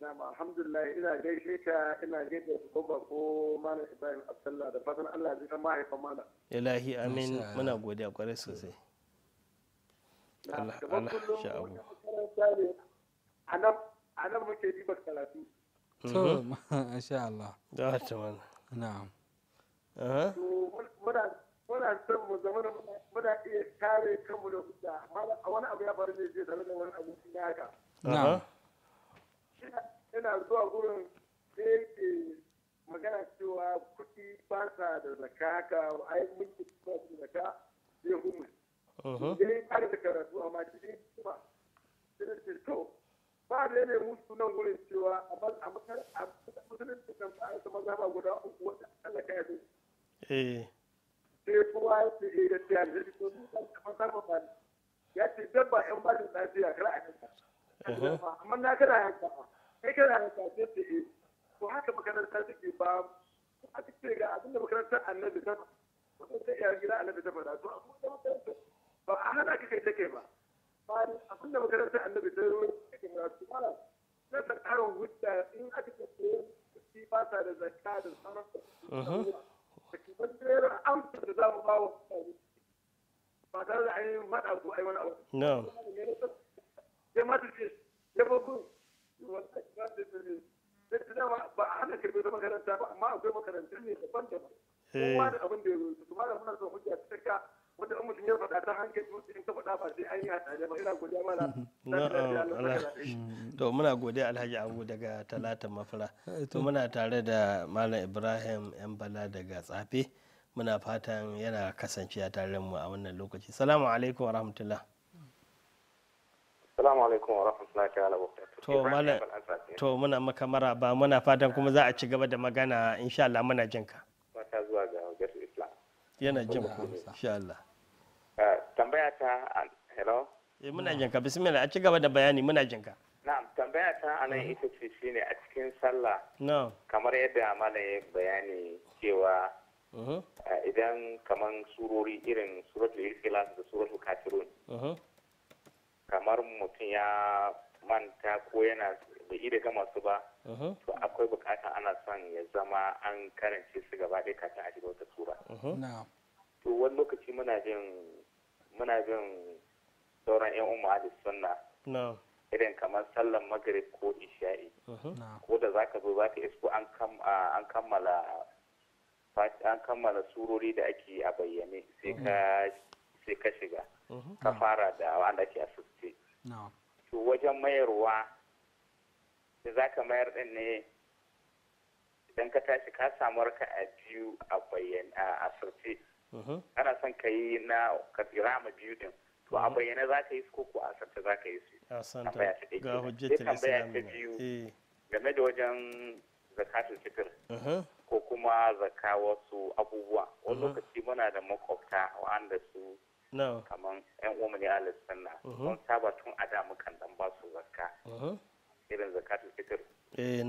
Speaker 4: Na'am alhamdulillah ina gaishe ka ina gaishe su ko ko Malam Ibrahim Abdullah da fatan Allah zai san mahaifan Malam.
Speaker 1: Ilahi amin muna godiya kwarai sosai. Allah Allah sha abu.
Speaker 4: A nan muke ribar karatu.
Speaker 1: Mhm. To
Speaker 2: masha Allah. Da ta wannan. Na'am.
Speaker 4: Muna son mu zama muna iya kare kanmu da hujja amma wani abu ya faru ne zai zama da wani abu ya haka. Na'am. ina zuwa gurin sai yake magana cewa kuɗi ba sa da zaka haka ai mulki ba su zaka zai humus uh-huh. sai ba da karatu amma ɗin kuma sai ce to ba da yanayin musu nan gurin cewa a musulunci kan ba a sama zaba guda uku wata Allah ka yi eh. sai kuma ya ce eh da tiyar da su kan kama zaba ba ya ce dabba yan ba da lafiya kar a kanta
Speaker 1: amma
Speaker 4: na kana yanka kai kana yanka sai ta yi to haka makaranta take ba a cikin ga abinda makarantar annabi ta makarantar iyayen gida annabi ta faɗa to amma da makarantar ba a hana ka kai take ba abinda makarantar annabi ta ruwa cikin rasu mala na ta karin hujja in aka tafiye shi ba ta da zakka da sauran da kiman tsere amsa da za mu ba wa ba tare da ainihin maɗa ko ai wani abu. jama'ar jama'ar ba a hana karbe da makaranta ba amma akwai makaranta ne daban daban kowa da abin da ya zo kuma mara muna son hujja ta ka wanda an mutum ya faɗa ta hankali mutum in ta faɗa ba sai an yi haɗa ba ina godiya mana
Speaker 1: mm. to muna godiya alhaji abu daga talata mafara eh, to muna tare da malam ibrahim yan bala daga tsafe muna fatan yana kasancewa tare mu a wannan lokaci salamu alaikum wa rahmatullah
Speaker 3: Assalamu alaikum wa rahmatullahi ta'ala wa
Speaker 1: barakatuh. To muna maka maraba muna fatan kuma za a ci gaba da magana insha Allah muna jin ka.
Speaker 3: Fata zuwa ga Hujjatul Islam. Yana jin ku insha Allah. Eh, tambaya ta hello. Eh muna jin
Speaker 1: ka bismillah a ci gaba da bayani muna jin ka.
Speaker 3: Na'am tambaya ta anan mm-hmm. ita ce shine a cikin sallah. Na'am. Kamar yadda malam ya bayani cewa mm-hmm. eh, idan kaman surori irin suratul ikhlas da suratul kafirun. Mm-hmm. kamar mutum ya manta ko yana bai da gama su ba uh-huh. to akwai bukata ana son ya zama an karance su gaba ɗaya kafin a shiga wata tura uh-huh. to wani lokaci muna jin muna jin sauran yan umma da sunna irin kamar sallan magrib ko isha'i uh-huh. ko da zaka zo zaka isko an kammala an kammala surori da ake a bayyane sai ka shiga Mhm. ka fara da wanda ke asusti to wajen mayarwa da za ka mayar din ne idan ka tashi ka samu ka a biyu a bayyana a asusti mhm. ana son ka yi na ka rama biyu din to a mhm. bayyana za ka yi su koko a asusti za ka yi su
Speaker 1: tambaya ta tambaya ta biyu eh.
Speaker 3: game da wajen zakatul fitr ko kuma zaka wasu abubuwa wani lokaci muna da makwabta wa'anda su kamar yan uwa ne alis na don saba tun a da mukan dan ba su zakka irin zakatul fitr eh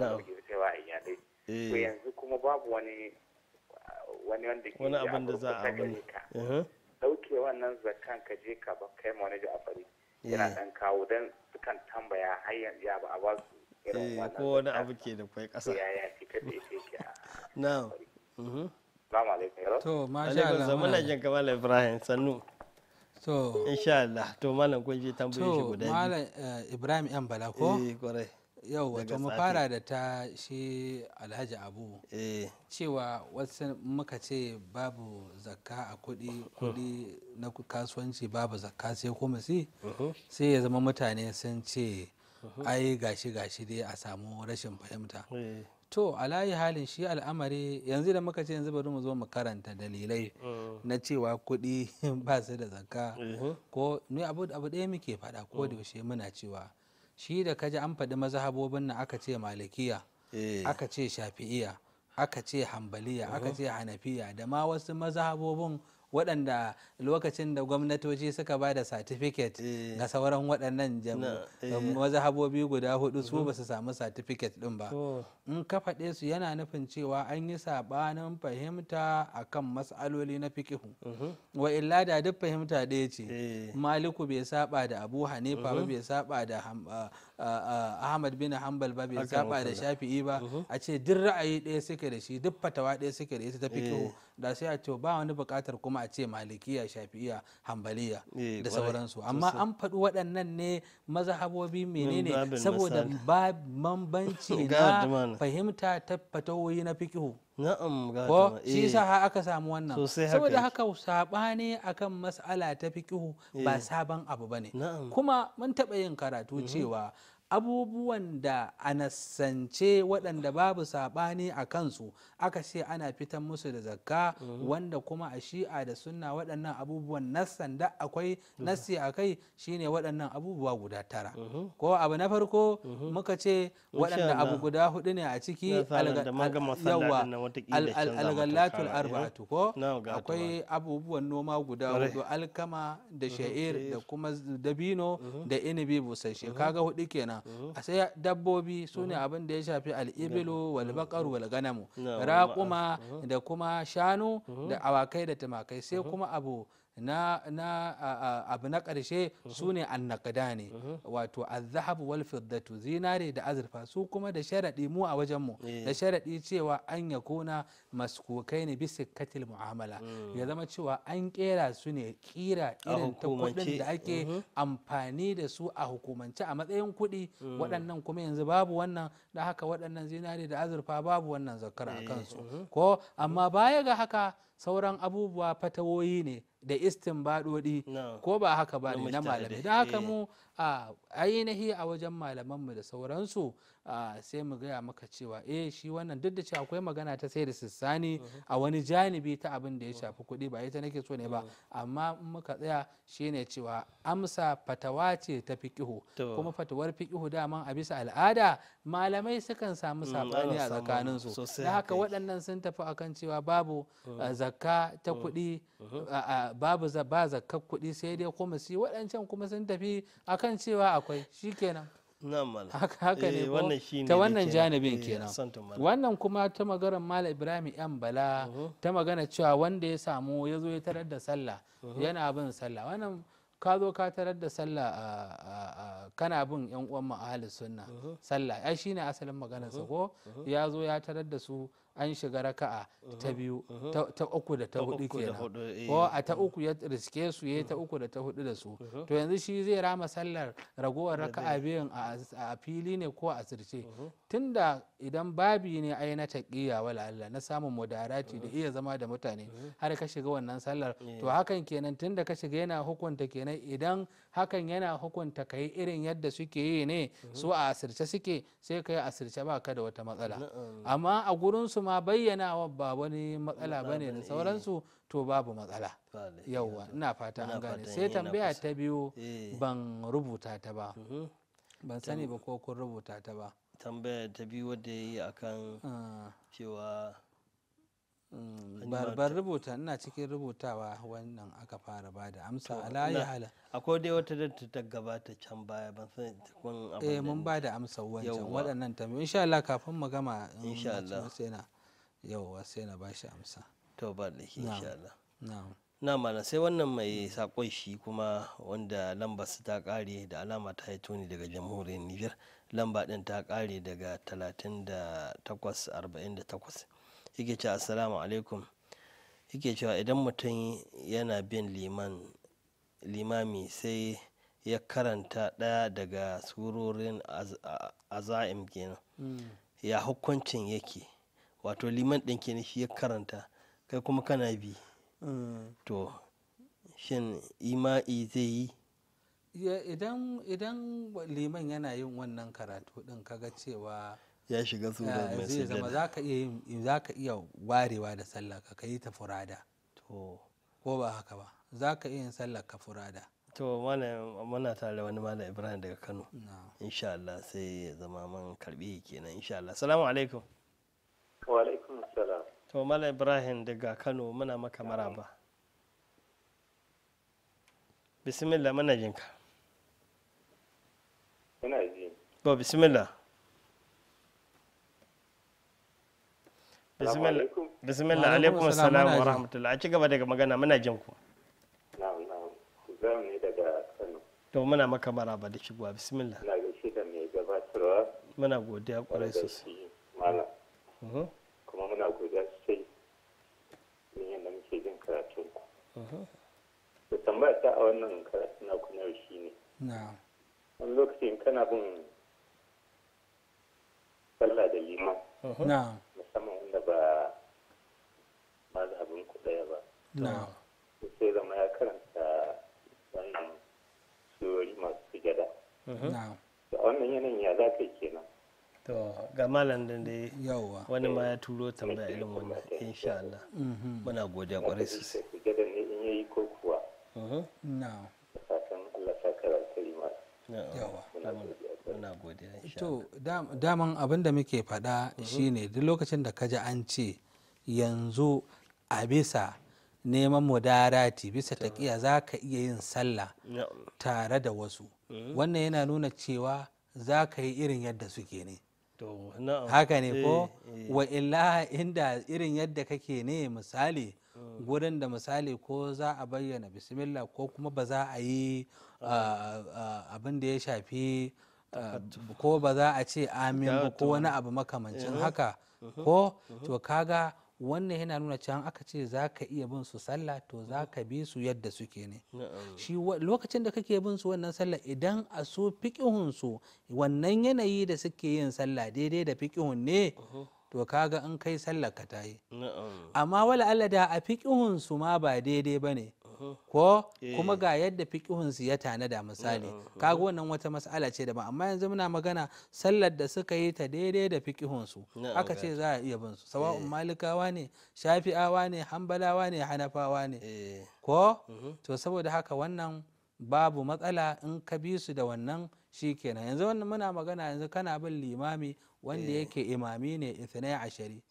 Speaker 3: cewa ko eh. yanzu kuma babu wani wani wanda ke wani abin da za a dauke wannan zakkan ka je ka ba kai ma wani da afari eh. yana dan kawo dan sukan tambaya har ya ba a ba su eh, ko wani abu
Speaker 1: ke da kwai kasa ya ya
Speaker 3: fi kaɗe ke alaikum. To,
Speaker 1: masha Allah. Alaikum, zamanin jin kamar Ibrahim, sannu. to to malam kun ji shi guda malam
Speaker 3: eh,
Speaker 2: Ibrahim yan bala ko eh kore yau wato mu fara da ta shi Alhaji Abu eh cewa wasu muka ce babu zakka a kuɗi kuɗi na kasuwanci babu zakka sai kuma si uh-huh. sai ya zama mutane sun ce uh-huh. ai gashi gashi dai a samu rashin fahimta eh. to a alayi halin shi al'amari yanzu da muka ce yanzu bari mu zo mu karanta dalilai mm. na cewa kuɗi ba su da zakka mm-hmm. ko ni abu abu ɗaya muke faɗa ko da mm. yaushe muna cewa shi da kaji an faɗi mazhabobin nan aka ce malikiya eh. aka ce shafi'iya aka ce hambaliya aka mm-hmm. ce hanafiya da ma wasu mazhabobin waɗanda lokacin da gwamnatoci suka ba da satifiket eh. ga sauran waɗannan eh. um, mazhabobi guda hudu su ba su samu satifiket ɗin ba in ka faɗe su yana nufin cewa an yi saɓanin fahimta akan matsaloli na fikihu mhm. wa illa da duk fahimta ɗaya ce eh. maliku bai saba da abu hanifa ba mhm. bai saba da ahmad bin hanbal ba bai saba da shafi'i ba a ce duk ra'ayi ɗaya suke da shi duk fatawa ɗaya suke da ita ta fito eh. da sai a ce ba wani bukatar kuma a ce malikiya shafi'iya hanbaliya eh, da sauransu amma an faɗi waɗannan ne mazhabobi menene saboda bambanci na fahimta ta fatawoyi na fikihu na'am ko shi eh. yasa ha aka samu wannan saboda haka sabani akan mas'ala ta fikihu ba sabon abu bane kuma mun taɓa yin karatu cewa abubuwan da a nasance waɗanda babu saɓani a kansu aka ce ana fitan musu da zakka mhm. wanda kuma a shi'a da sunna waɗannan abubuwan nassan da akwai mhm. nassi a kai shine waɗannan abubuwa guda tara mhm. ko abu na farko muka ce waɗanda abu guda hudu ne a ciki yawa eh? arba'atu ko akwai abubuwan noma guda hudu alkama da sha'ir da kuma dabino da inibi busasshe kaga hudu kenan a sai dabbobi su ne abin da ya shafi al'ibilu wal walganamu raƙuma da kuma shanu da awakai da tumakai sai kuma abu na na abu na ƙarshe su ne annaqda ne wato azhab wal fiddatu zinare da azurfa su kuma da sharaɗi mu a wajen mu eh. da sharaɗi cewa an kona maskokai ne bisa katil mu'amala hmm. ya zama cewa an kera su ne kira irin ta kuɗin da ake amfani da su a hukumance a matsayin kuɗi hmm. waɗannan kuma yanzu babu wannan da haka waɗannan zinare da azurfa babu wannan zakar a eh. kansu ko amma baya ga haka sauran abubuwa fatawoyi ne da istin baɗoɗi ko ba haka ba ne na malamai don haka eh. mu a ainihi a wajen malamanmu da sauransu sai mu gaya maka cewa e shi wannan duk da cewa akwai magana ta sai da sissani mhm. a wani janibi ta abin da ya mhm. shafi kuɗi ba ita nake so ne ba mhm. amma in muka tsaya shi ne cewa amsa fatawa ce ta fiƙihu kuma fatawar fiƙihu dama a bisa al'ada malamai sukan samu mm, sabani a tsakaninsu da haka waɗannan sun tafi akan cewa babu mm. zakka ta mm. kuɗi mm-hmm. babu ba zakka kuɗi sai dai kuma si waɗancan kuma sun tafi akan san cewa akwai shi kenan haka ne eh, ta wannan janibin eh, kenan wannan kuma ta maganar mala ibrahim yan bala ta magana cewa wanda ya samu ya zo ya tarar da sallah yana bin sallah wannan ka zo ka tarar da sallah kana bin yan uwan mu sunna sallah ai shine asalin maganarsa ko ya zo ya tarar da su an shiga raka'a ta biyu ta uku da ta hudu kenan eh. ko a ta uku ya riske su ya ta uku da ta hudu da su to yanzu shi zai rama sallar ragowar raka'a biyun a fili ne ko a sirce tunda idan babi ne ai na taqiya wala Allah na samun mudarati da iya zama da mutane har ka shiga wannan sallar eh. to hakan kenan tunda ka shiga yana hukunta kenan idan hakan yana hukunta ka yi irin yadda suke yi ne mhm. su a asirce suke sai ka yi asirce ba ka da wata matsala amma a gurinsu ma bayyana ba wani matsala ba ne da eh. sauransu to babu matsala yauwa ina fata an gane sai tambaya ta biyu eh. ban rubuta ta ba mhm. ban sani ba ko kun rubuta ta ba
Speaker 1: tambaya ta biyu wadda ya yi akan ah. cewa bar
Speaker 2: rubuta ina cikin rubutawa wannan aka fara ba da amsa alayi hala
Speaker 1: akwai dai wata da ta gabata can baya ban san kun abin eh mun ba da amsa wancan waɗannan
Speaker 2: tambayoyi insha Allah kafin mu gama insha Allah sai na yawwa sai na bashi amsa to ba da insha Allah na'am
Speaker 1: na mana sai wannan mai sakon shi kuma wanda lamba su ta kare da alama ta yi tuni daga jamhuriyar Niger lamba din ta kare daga takwas. yake cewa assalamu alaikum yake cewa idan mutum yana bin liman limami sai ya karanta ɗaya daga surorin aza'im kenan hmm. ya hukuncin yake wato liman ɗin kenan shi ya karanta kai kuma kana bi hmm. to shin ima'i zai
Speaker 2: yi idan liman yana yin wannan karatu ɗin kaga cewa ya shiga surar mai zai za ka iya warewa da sallah ka kai ta furada to ko ba haka ba za ka iya yin sallah ka furada
Speaker 1: to mana tare wani malam ibrahim daga kano insha Allah sai ya zama man karbi kenan insha Allah salamu alaikum wa alaikum salam to malam ibrahim daga kano muna maka maraba bismillah mana jinka ina ji to bismillah
Speaker 3: bismillah alaikum assalam wa
Speaker 1: rahmatullah a ci gaba daga magana muna jin ku
Speaker 3: na'am Kano
Speaker 1: to muna maka maraba da shigowa bismillah
Speaker 3: na gaishe da mai gabatarwa muna godiya kwarai sosai malam uh-huh. kuma muna godiya sosai don yadda muke jin karatun ku da uh-huh. tambaya ta a wannan karatun na kuna shi ne wani lokacin kana bin sallah da liman uh-huh. musamman wanda ba mazhabin ku ɗaya ba sai zama ya karanta wannan surori masu sujada da mhm. wannan yanayin ya za ka yi kenan
Speaker 1: to ga malam da dai yawa wani ma ya turo tambaya irin wannan insha Allah mhm. muna godiya kwarai sosai
Speaker 3: sujada ne in yayi ko kuwa
Speaker 2: mhm. na'am
Speaker 3: fatan Allah ta karanta alkhairi Yawwa, yawa
Speaker 1: to
Speaker 2: daman abin da muke faɗa mhm. shine duk lokacin da kaji an ce yanzu a bisa neman mudarati bisa taƙiya za ka iya yin sallah tare da wasu mhm. wannan yana nuna cewa za ka yi irin yadda suke ne haka ne ko eh, eh. wa illa inda irin yadda kake ne misali mm. gurin da misali ko za a bayyana bismillah ko kuma ba za a yi abin da ya shafi ko ba za a ce amin ba ko wani abu makamancin uh-huh. haka uh-huh. ko uh-huh. to kaga wannan yana nuna cewa aka ce za ka iya bin su sallah to za ka bi su yadda suke ne shi lokacin da kake bin su wannan sallah idan a su fiƙihun su wannan yanayi da suke yin sallah daidai da fiƙihun ne to kaga in kai sallah ka tayi amma wala da a fiƙihun su ma ba daidai bane ne ko eh. kuma ga yadda fiƙihunsu ya tanada misali kaga wannan wata mas'ala ce daban amma yanzu muna magana sallar da suka yi ta daidai da fiƙihunsu. aka ce za a iya bin su sawa'un eh. malikawa ne shafi'awa ne Hambalawa ne hanafawa ne eh. ko to saboda haka wannan babu matsala in ka bi su da wannan shi kenan yanzu wannan muna magana yanzu kana bin limami wanda eh. yake imami ne ithnai ashari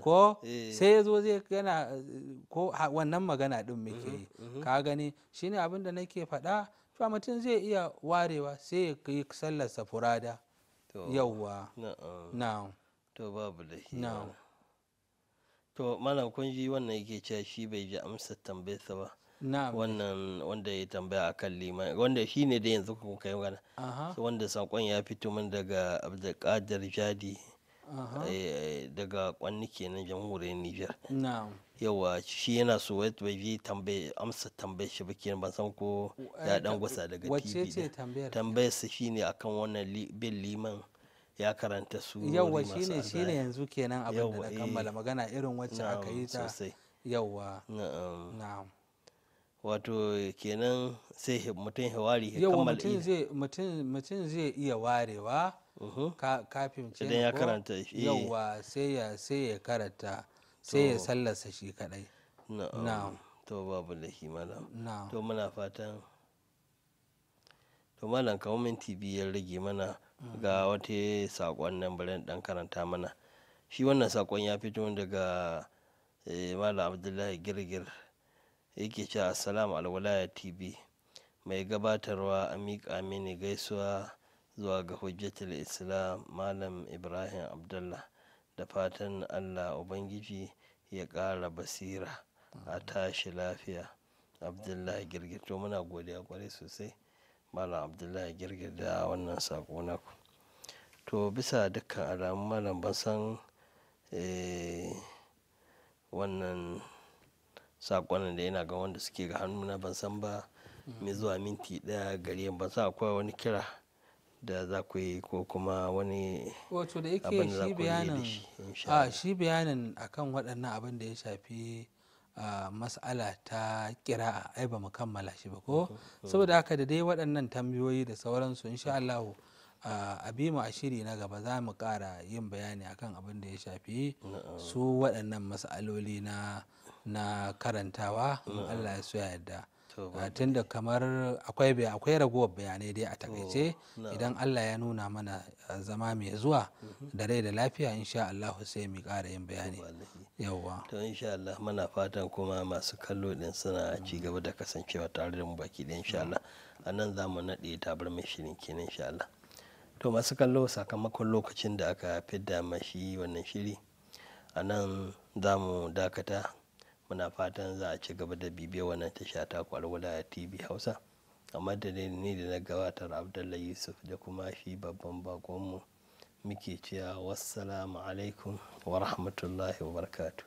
Speaker 2: ko eh. sai ya zo zai gana ko wannan magana din muke mm-hmm, yi mm-hmm. ka gani shine abin da nake faɗa cewa mutum zai iya warewa sai ya sallar safurada furada yauwa na'am
Speaker 1: to babu da na'am to malam kun ji wannan yake cewa shi bai ji amsar tambayarsa ba wannan wanda ya tambaya akan liman wanda shi ne da yanzu kuka yi magana wanda sakon ya fito min daga abdulkadir jadi eh, daga kwanni kenan jamhuriyar niger yawa shi yana so wai bai tambaye amsa tambayar shi bakin ban san ko ya dan eh, gusa daga tv tambayar su shine akan wannan bin liman ya karanta su yawa shine shine yanzu kenan abin da na kammala eh. magana irin wacce aka yi ta yawa na'am wato kenan sai mutum ya ware ya
Speaker 2: kammala mutum zai iya warewa kafin ce idan ya karanta eh. yawa sai ya sai ya karanta sai ya sallarsa shi kadai na'am to babu shi malam
Speaker 1: to muna fatan to malam kamar minti biyar rage mana mm-hmm. ga wata sakon nan bari dan karanta mana shi wannan sakon ya fito daga eh, malam abdullahi girgir yake cewa assalamu alwalaya tv mai gabatarwa amika mini gaisuwa zuwa ga hujjatul islam malam ibrahim abdullah da fatan allah ubangiji ya kara basira a tashi lafiya abdullahi girgir to muna godiya kwarai sosai malam abdullahi girgir da wannan sako naku to bisa dukkan alamu malam ban san eh, wannan sakonan da yana ga wanda suke ga hannu na ban san ba mai zuwa minti daya gari ba sa akwai wani kira da za ku yi ko kuma wani wato da yake shi bayanin
Speaker 2: a shi bayanin akan waɗannan abin da ya shafi mas'ala ta kira ai ba mu kammala shi ba ko mhm, mhm. saboda haka da dai waɗannan tambayoyi da sauransu insha Allah a bi mu a shiri na gaba za mu ƙara yin bayani akan abin da ya shafi su waɗannan mas'aloli na na karantawa in mm. Allah ya so yarda ah, tun da kamar akwai akwai ragowar bayanai dai a takaice idan Allah ya nuna mana ah, zama mai zuwa mm-hmm. da rai da lafiya insha Allah sai mu ƙara yin bayani yawwa
Speaker 1: to insha Allah muna fatan kuma masu kallo din suna mm. ci gaba da kasancewa tare da mu baki da insha Allah a nan za mu naɗe tabar mai shirin kenan insha Allah to masu kallo sakamakon lokacin da aka fidda mashi wannan shiri a nan za mu dakata muna fatan za a ci gaba da bibiyar wannan tasha ta kwalwala tv hausa a madadin ne da na gabatar abdullahi yusuf da kuma shi babban bakonmu muke cewa wassalamu alaikum wa rahmatullahi wa barkatu.